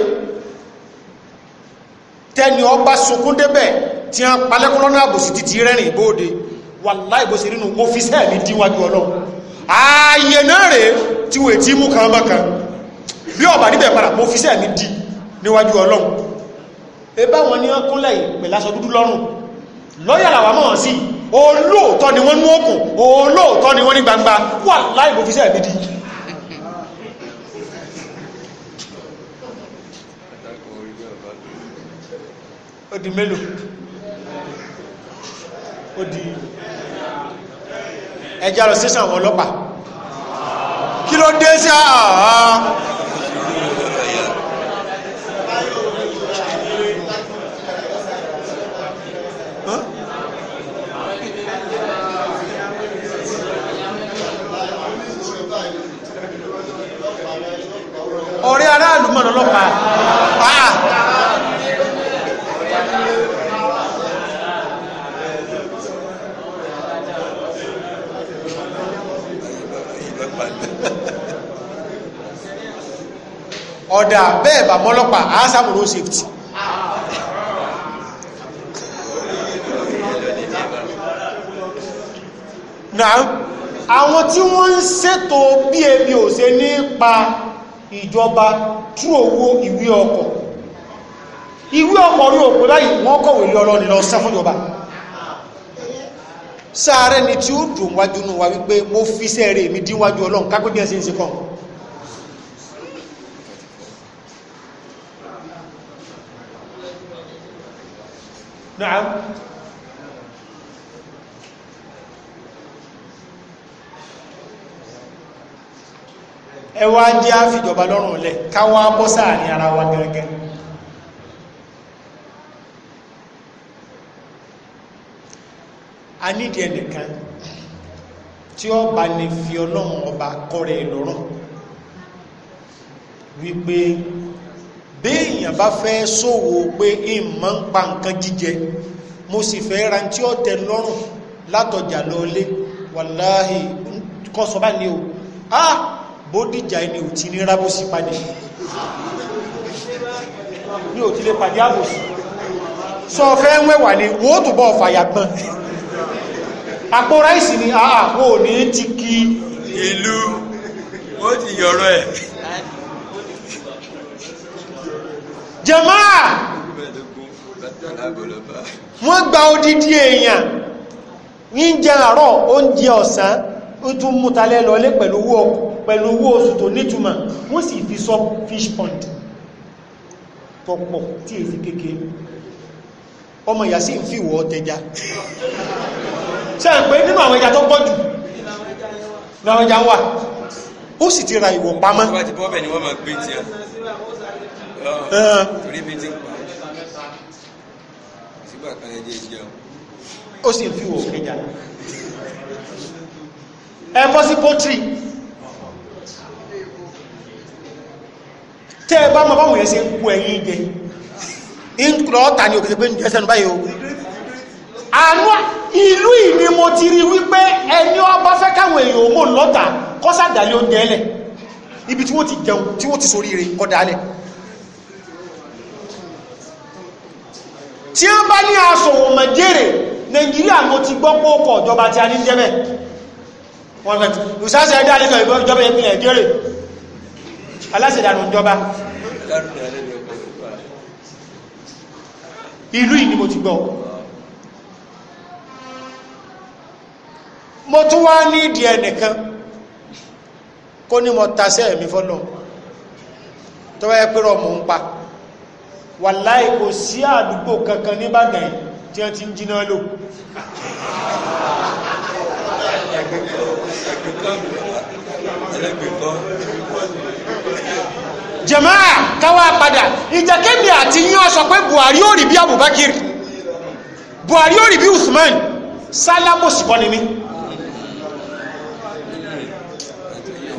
tẹ́ni ọba sunkún débẹ̀ tí a palẹ́kúnlọ́ náà bò sí títí rẹ́rìn ìbóde wàláì bó ṣe nínú ọ́fíṣẹ́ mi díwájú ọlọ́run ààyè náà rèé tí wò tí mú kan bọ́kan bí ọba níbẹ̀ padà mọ́ ọ́fíṣẹ́ mi dí níwájú ọlọ́run ebá wọn ni wọ́n kúnlẹ̀ pẹ̀láṣọ dúdú lọ́rùn lọ́yà làwà mọ̀ sí olóòótọ́ ni wọ́n nú òkun olóòótọ́ ni wọ́n ní gbangba wàláì bó fíṣẹ́ mi dí ó di mélòó ó di ẹjá lọ sísan àwọn ọlọ́pàá kí ló dé sí àá ah, ah. ọ̀rẹ́ aráàlú mọ̀nà ọlọ́pàá ọ̀dà bẹ́ẹ̀ bá mọ́lọ́pàá á sábòrò safety náà àwọn tí wọ́n ń ṣètò bí ebi ò ṣe nípa ìjọba tú owó ìwé ọkọ̀ ìwé ọkọ̀ orí òpó láyìí wọ́n kọ̀wé lé ọlọ́ni lọ sẹ́ fún ìjọba sáàrẹ́ ni tí ó dùn wájú nù wá wípé mo fi sẹ́ẹ̀rẹ̀ mi díwájú ọlọ́run kápẹ́ bí ẹ ṣe ń نعم ẹ wá jẹ́ àfìjọba lọ́rùn lẹ̀ káwá bọ́ sáàrin ara wa gẹ́gẹ́ a nídìí ẹnìkan tí ó bá ní fi ọlọ́run ọba kọ́rẹ̀ lọ́rùn wípé èèyàn bá fẹ́ ṣòwò pé ìmọ̀ ń pa nǹkan jíjẹ mo sì fẹ́ ra tí ó tẹ́ lọ́rùn látọjà lọlé wàláhì kọ́ sọ o ah bó dìjà ẹni ò ti ní rábò padì ní ò ti lè padì àbòsí sọ fẹ́ wẹ̀wà ni wo tó bọ́ fàyà gbọ́n àpò ráìsì ni àà ah, kò ah, ní ti kí ìlú ó ti yọ̀rọ̀ ẹ̀ jamaa wọ́n gba odidi èèyàn ní jẹ àárọ̀ oúnjẹ ọ̀sán ó tún mútalẹ́ lọlé pẹ̀lú owó pẹ̀lú owó oṣù tó nítumọ̀ wọ́n sì fi sọ fish pond tọpọ̀ tí èsì kékeré ọmọ ìyá sí ń fi ìwọ̀ ọ̀tẹja ṣe ń pé nínú àwọn ẹja tó pọ̀ jù láwọn ẹja wà ó sì ti ra ìwọ̀ pamọ́ lọ́rùn ah. ah. torí bí ó ni òkèsè pé o àánú ìlú ìní mo ti rí wípé ẹni ọba fẹ́ káwọn èèyàn ibi tí wọ́n ti jẹun tí wọ́n ti sorí rẹ̀ kọ́dálẹ̀ tí wọ́n bá ní aṣòwò mọ̀jẹ́rẹ̀ nàìjíríà mo ti gbọ́ pé ó kọ̀ ìjọba tí a ní jẹ́ bẹ́ẹ̀ wọ́n fẹ́ ìsáṣẹ́ ẹ̀dá ìjọba ìpínlẹ̀ ìjẹ́rẹ̀ aláṣẹ̀dánù ìjọba ìlú yìí ni mo ti gbọ́ mo tún wá ní ìdí ẹnìkan kó ní mo tasẹ́ mi fọ́lọ́ tó wáyé pé rọ̀ ń pa wàláì kò sí àdúgbò kankan ní Ìbàdàn tí wọ́n ti ń jiná lò jàmáà káwà padà ìjẹ́kẹ́mì àti yí ọ pé Buhari ó rí bí Abubakar Buhari ó rí bí Usman sálábò sì bọ́ ni mí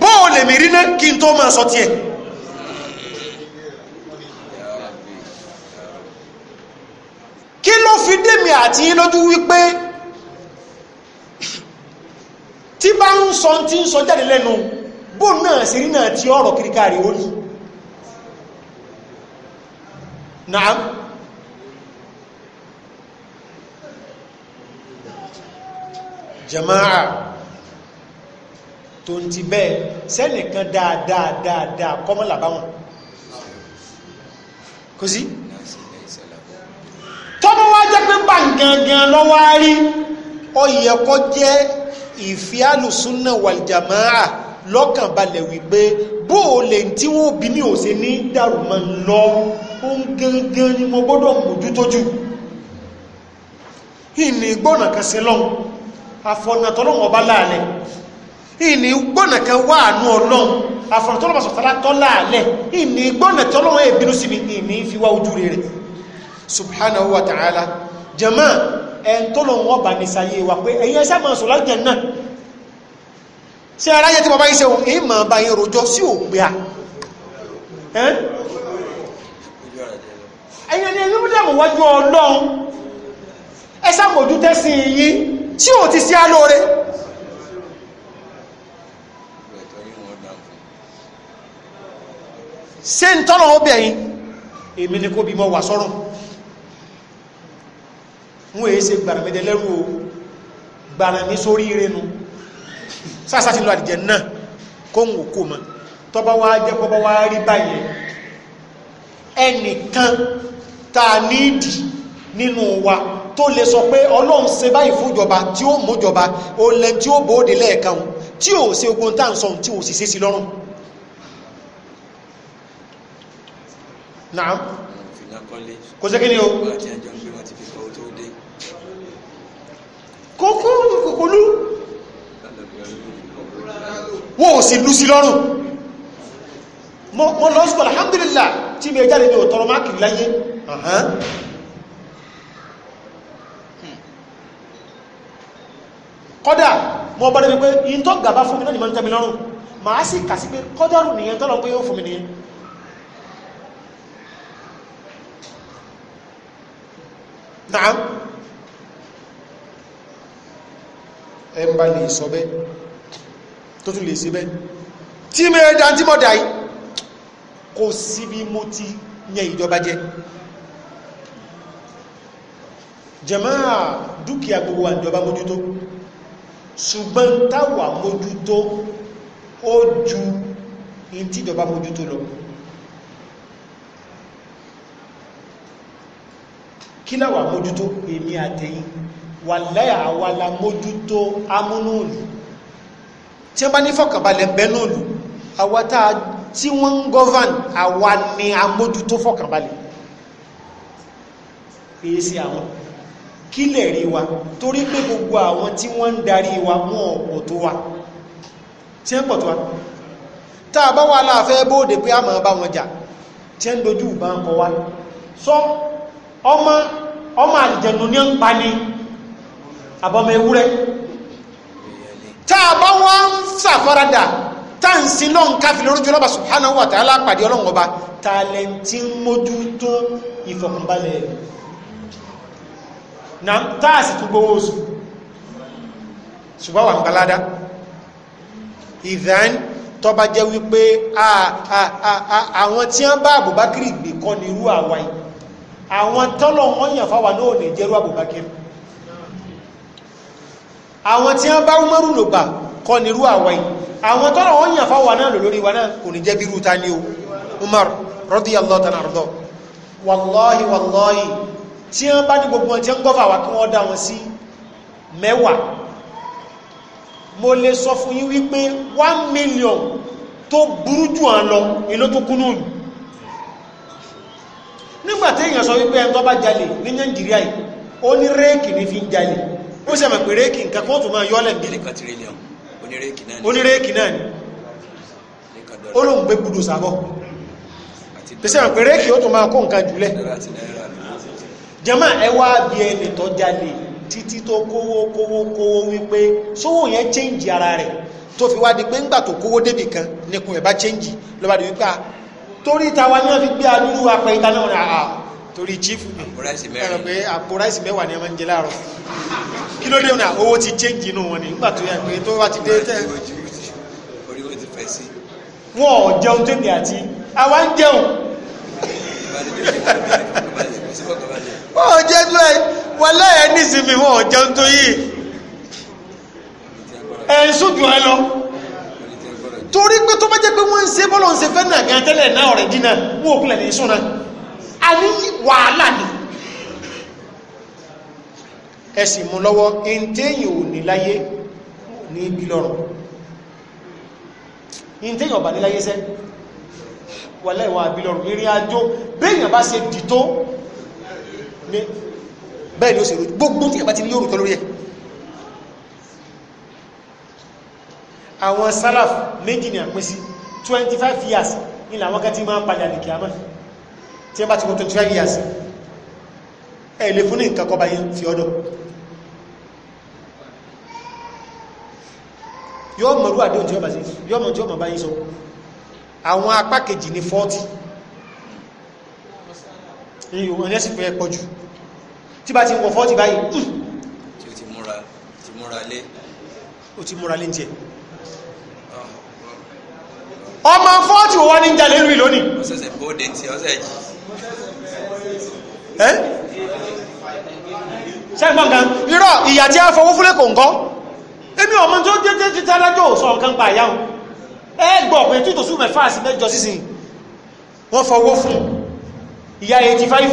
bóò lè mìíràn kí n tó máa sọ tiẹ̀ kí ló fi dèmi àti yín lójú wípé tí bá ń sọ tí ń sọ jáde lẹ́nu bó náà sí rí náà tí ọ̀rọ̀ kíríkàrí ó ní náà jama'a tó ń ti bẹ́ẹ̀ sẹ́nìkan dáadáa dáadáa kọ́mọ́là báwọn kò sí? Si? tọ́bọ̀ wá jẹ́ pé pàǹgangan lọ́wọ́ á rí ọ̀yẹ̀kọ́ jẹ́ ìfẹ́ alùsúnà wàlìjàmáà lọ́kànbalẹ̀ wípé bó o lè tí wọ́n bí mi ò ṣe ní dàrú mọ́ ń lọ ó ń gangan ni mo gbọ́dọ̀ mójútójú ìní gbọ́nà kan sí lọ́hùn àfọ̀nà tọ́lọ́hùn ọba láàlẹ̀ ìní gbọ́nà kan wà àánú ọlọ́hùn àfọ̀nà tọ́lọ́hùn ọba sọ̀tàlá tọ́ láàlẹ̀ ìní gbọ́nà tọ́lọ́hùn èbínú sí mi ìní fi wá ojú rere subhanahu wa ta'ala jama ẹn tó lọ wọ́n bá ní sayé wa pé ẹ̀yìn ẹsẹ́ máa sọ láti jẹ̀nà sí aráyé tí bàbá yìí sẹ́wọ̀n èyí máa bá yín rojọ́ sí òpè à ẹ̀yìn ẹni ẹni mílíọ̀mù wájú ọlọ́run ẹsẹ́ mọ̀jú tẹ́sí yìí tí ò ti sí alóore ṣé ń tọ́nà ó bẹ̀yìn èmi ni kó bí mọ́ wà sọ́rùn wọ́n èé ṣe gbàràmẹ́dẹ́ lẹ́rù o gbàràmí sórí irinu sáàsá ti lọ àdìjẹ náà kóhùn òkú mọ́ tọ́bá wá jẹ́ pọ́bá wá rí báyìí ẹnìkan ta nídì nínú wa tó lè sọ pé ọlọ́run se báyìí fún ìjọba tí ó mújọba ó lẹ tí ó bóde lẹ́ẹ̀kan tí ò ṣe ogun tá ń sọ tí ò sì sí lọ́rùn kò sí kí ni o kókúrú kòkòlú wọ́n ò sì lúsí lọ́rùn mọ́ lọ́sùkọ̀ alhamdulillah tí mi jáde ní òtọrọ máa kìí láyé kọ́dà mọ́ bá dẹ́gbẹ́ yìí tó gàbá fún mi náà ni mọ́ ń tẹ́mi lọ́rùn màá sì kà sí pé kọ́dàrù nìyẹn tọ́lọ pé ó fún mi nìyẹn na'am ẹmbà lè sọ bẹ́ tó tún lè sí bẹ́ tí mẹ́rẹ́ dá tí mọ́ dáyí kò sí bí mo ti yẹ ìjọba jẹ́ jàmáà dúkìá gbogbo wa ìjọba mójútó ṣùgbọ́n táwà mójútó ó ju in tí ìjọba mójútó lọ kí láwà mójútó èmi àtẹ̀yìn wàlẹ́yà àwàlà mójútó amúnúùlù tí wọ́n bá ní fọkànbalẹ̀ bẹ́núùlù àwọ̀tá tí wọ́n ń govern àwa ni amójútó fọkànbalẹ̀ kìí sí àwọn kílẹ̀ rí wa torí pé gbogbo àwọn tí wọ́n ń darí wa mú ọ̀pọ̀ tó wa tí wọ́n pọ̀ tó wa tá a bá wà láàfẹ́ bóde pé a ọmọ ọmọ ní ń pa ni àbọ́mọ ewúrẹ́ tá a bá wọ́n ń ṣàfaradà tá à ń sin náà ń káfí lórí jọlọ́ba subhanahu wa ta'ala pàdé ọlọ́run ọba tàlẹ́ǹtì ń mójú tó ìfọ̀kànbalẹ̀ na tá a sì tún gbowó oṣù ṣùgbọ́n wà ń balada ìdán tó bá jẹ́ wípé àwọn tí wọ́n bá Abubakar gbé kọ́ irú àwa àwọn tọ́lọ̀ wọ́n yàn fáwa náà ní jẹ́rú Abubakar àwọn tí wọ́n bá Umaru lò gbà kọ́ nírú àwa yìí àwọn tọ́rọ wọ́n yàn fáwà náà lò lórí wa náà kò ní jẹ́ bí rúta ní o Umar radiyallahu ta'ala anhu wallahi wallahi tí wọ́n bá ní gbogbo wọn gọ́fà wá kí wọ́n dá wọn sí mẹ́wàá mo lè sọ fún yín wípé one million tó burú jù wọn lọ èló tó kúnnú nù nígbà téèyàn sọ wípé ẹni tó bá jalè ní Nàìjíríà yìí ó ní réèkì ní fi ń jalè ó sẹ́mọ̀ pé réèkì nǹkan kan tó máa yọ́lẹ̀ bí nìkan ti rí lẹ́hùn oníréèkì náà ni ó lóun gbé gbúdù sábọ̀ tó sẹ́mọ̀ pé réèkì ó tó máa kó nǹkan jùlẹ̀ jẹ́mọ́ ẹ wá bí ẹni tó jalè títí tó kówó kówó kówó wípé sówó yẹn chéǹjì ara rẹ̀ tó fi wá pé ńgbà tó kówó débì kan nìkun ẹ̀ bá chéǹjì lọ́ba di ah, torí tàwa ni fi gbé adúrú apẹ̀ ìtaná rẹ̀ àà torí chief hmm. ẹ̀rọ pé àpò ráìsì ni ẹ máa ń jẹ láàárọ̀ kí ló dé ọ̀nà owó ti change inú wọn ni nígbà tó yà pé tó bá ti dé tẹ́ wọn ò jẹun tèmi àti àwa ń jẹun wọn ò jẹun tó yìí wọn lẹ́yìn nísìnyí wọn ò jẹun tó yìí ẹ̀ ń sùn jù ẹ lọ torí pé tó bá jẹ́ pé wọ́n ń ṣe bọ́lọ̀ ń ṣe fẹ́ nàgàn tẹ́lẹ̀ náà ọ̀rẹ́dínà wọn ò kúlẹ̀ ní sùn náà. Ani wàhálà ni ẹ̀sìn mú lọ́wọ́ ìntẹ́yìn ò ní láyé ní ibi lọ́rọ̀ ìntẹ́yìn ọ̀bà ní láyé sẹ́ wà lẹ́wà àbí lọ́rọ̀ ìrìn àjò bẹ́yìn bá ṣe dìtó bẹ́ẹ̀ ni ó ṣe rú gbogbo tí ẹ̀bá ti ní òrùtọ́ lórí ẹ̀ àwọn sálàf méjì ni àpín 25 years ni làwọn kan ti máa padà nìkì àmọ́ tí wọ́n bá ti kó 25 years ẹ lè fún ní nǹkan kọba yìí fi ọdọ̀ yóò mọ̀rú àdéhùn tí wọ́n bá sí yóò mọ̀ tí wọ́n mọ̀ bá yìí sọ àwọn apá kejì ní 40 iye wọn yẹ́ sì pẹ́ pọ̀ jù tí bá ti wọ̀ 40 báyìí tí ó ti múra lé ó ti múra lé ní ọmọ 40 wọ́n ní jalè lónìí ọ̀sẹ̀sẹ̀ bóde tí ọ̀sẹ̀ yìí ẹ́ ṣẹ́gbọ́n kan irọ́ ìyà tí a fọwọ́ fúnlé kò ń kọ́ èmi ọmọ tó jẹ́jẹ́ ti tálájọ́ sọ nǹkan pa ìyá ẹ gbọ́ pé tí tòsú mẹ́fà sí mẹ́jọ sísìn wọ́n fọwọ́ fún ìyá 85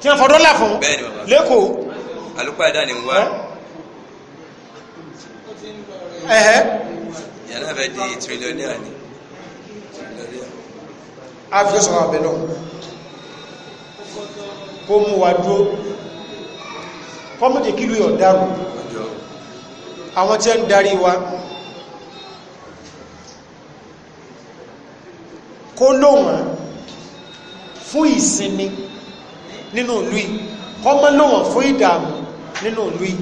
tí wọ́n fọdọ́là fún lẹ́kọ̀ọ́ alúpàdà ni wá ẹ̀hẹ́ ìyá náà fẹ́ di tírílíọ̀nì a fi ọ̀sán àbẹ̀ lọ kó mú wa dúró kọ́mọ̀dé kílù ọ̀dárù àwọn tí ó ń darí wa kó lóhùn fún ìsinmi nínú ìlú kọ́mọ̀ lóhùn fún ìdààmú nínú ìlú yìí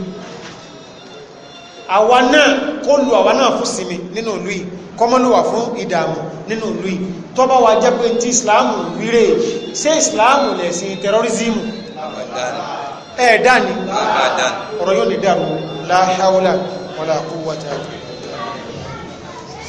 àwa náà kó lu àwa náà fún sinmi nínú ìlú yìí kọ́mọ́lùwà fún ìdààmú nínú ìlú yìí tó bá wa jẹ́ pé tí ìsìláàmù wíre ṣé ìsìláàmù lẹ̀sìn tẹrọrìsìmù ẹ̀ẹ́dá ni ọ̀rọ̀ yóò ní dàrú la hawla wala quwwata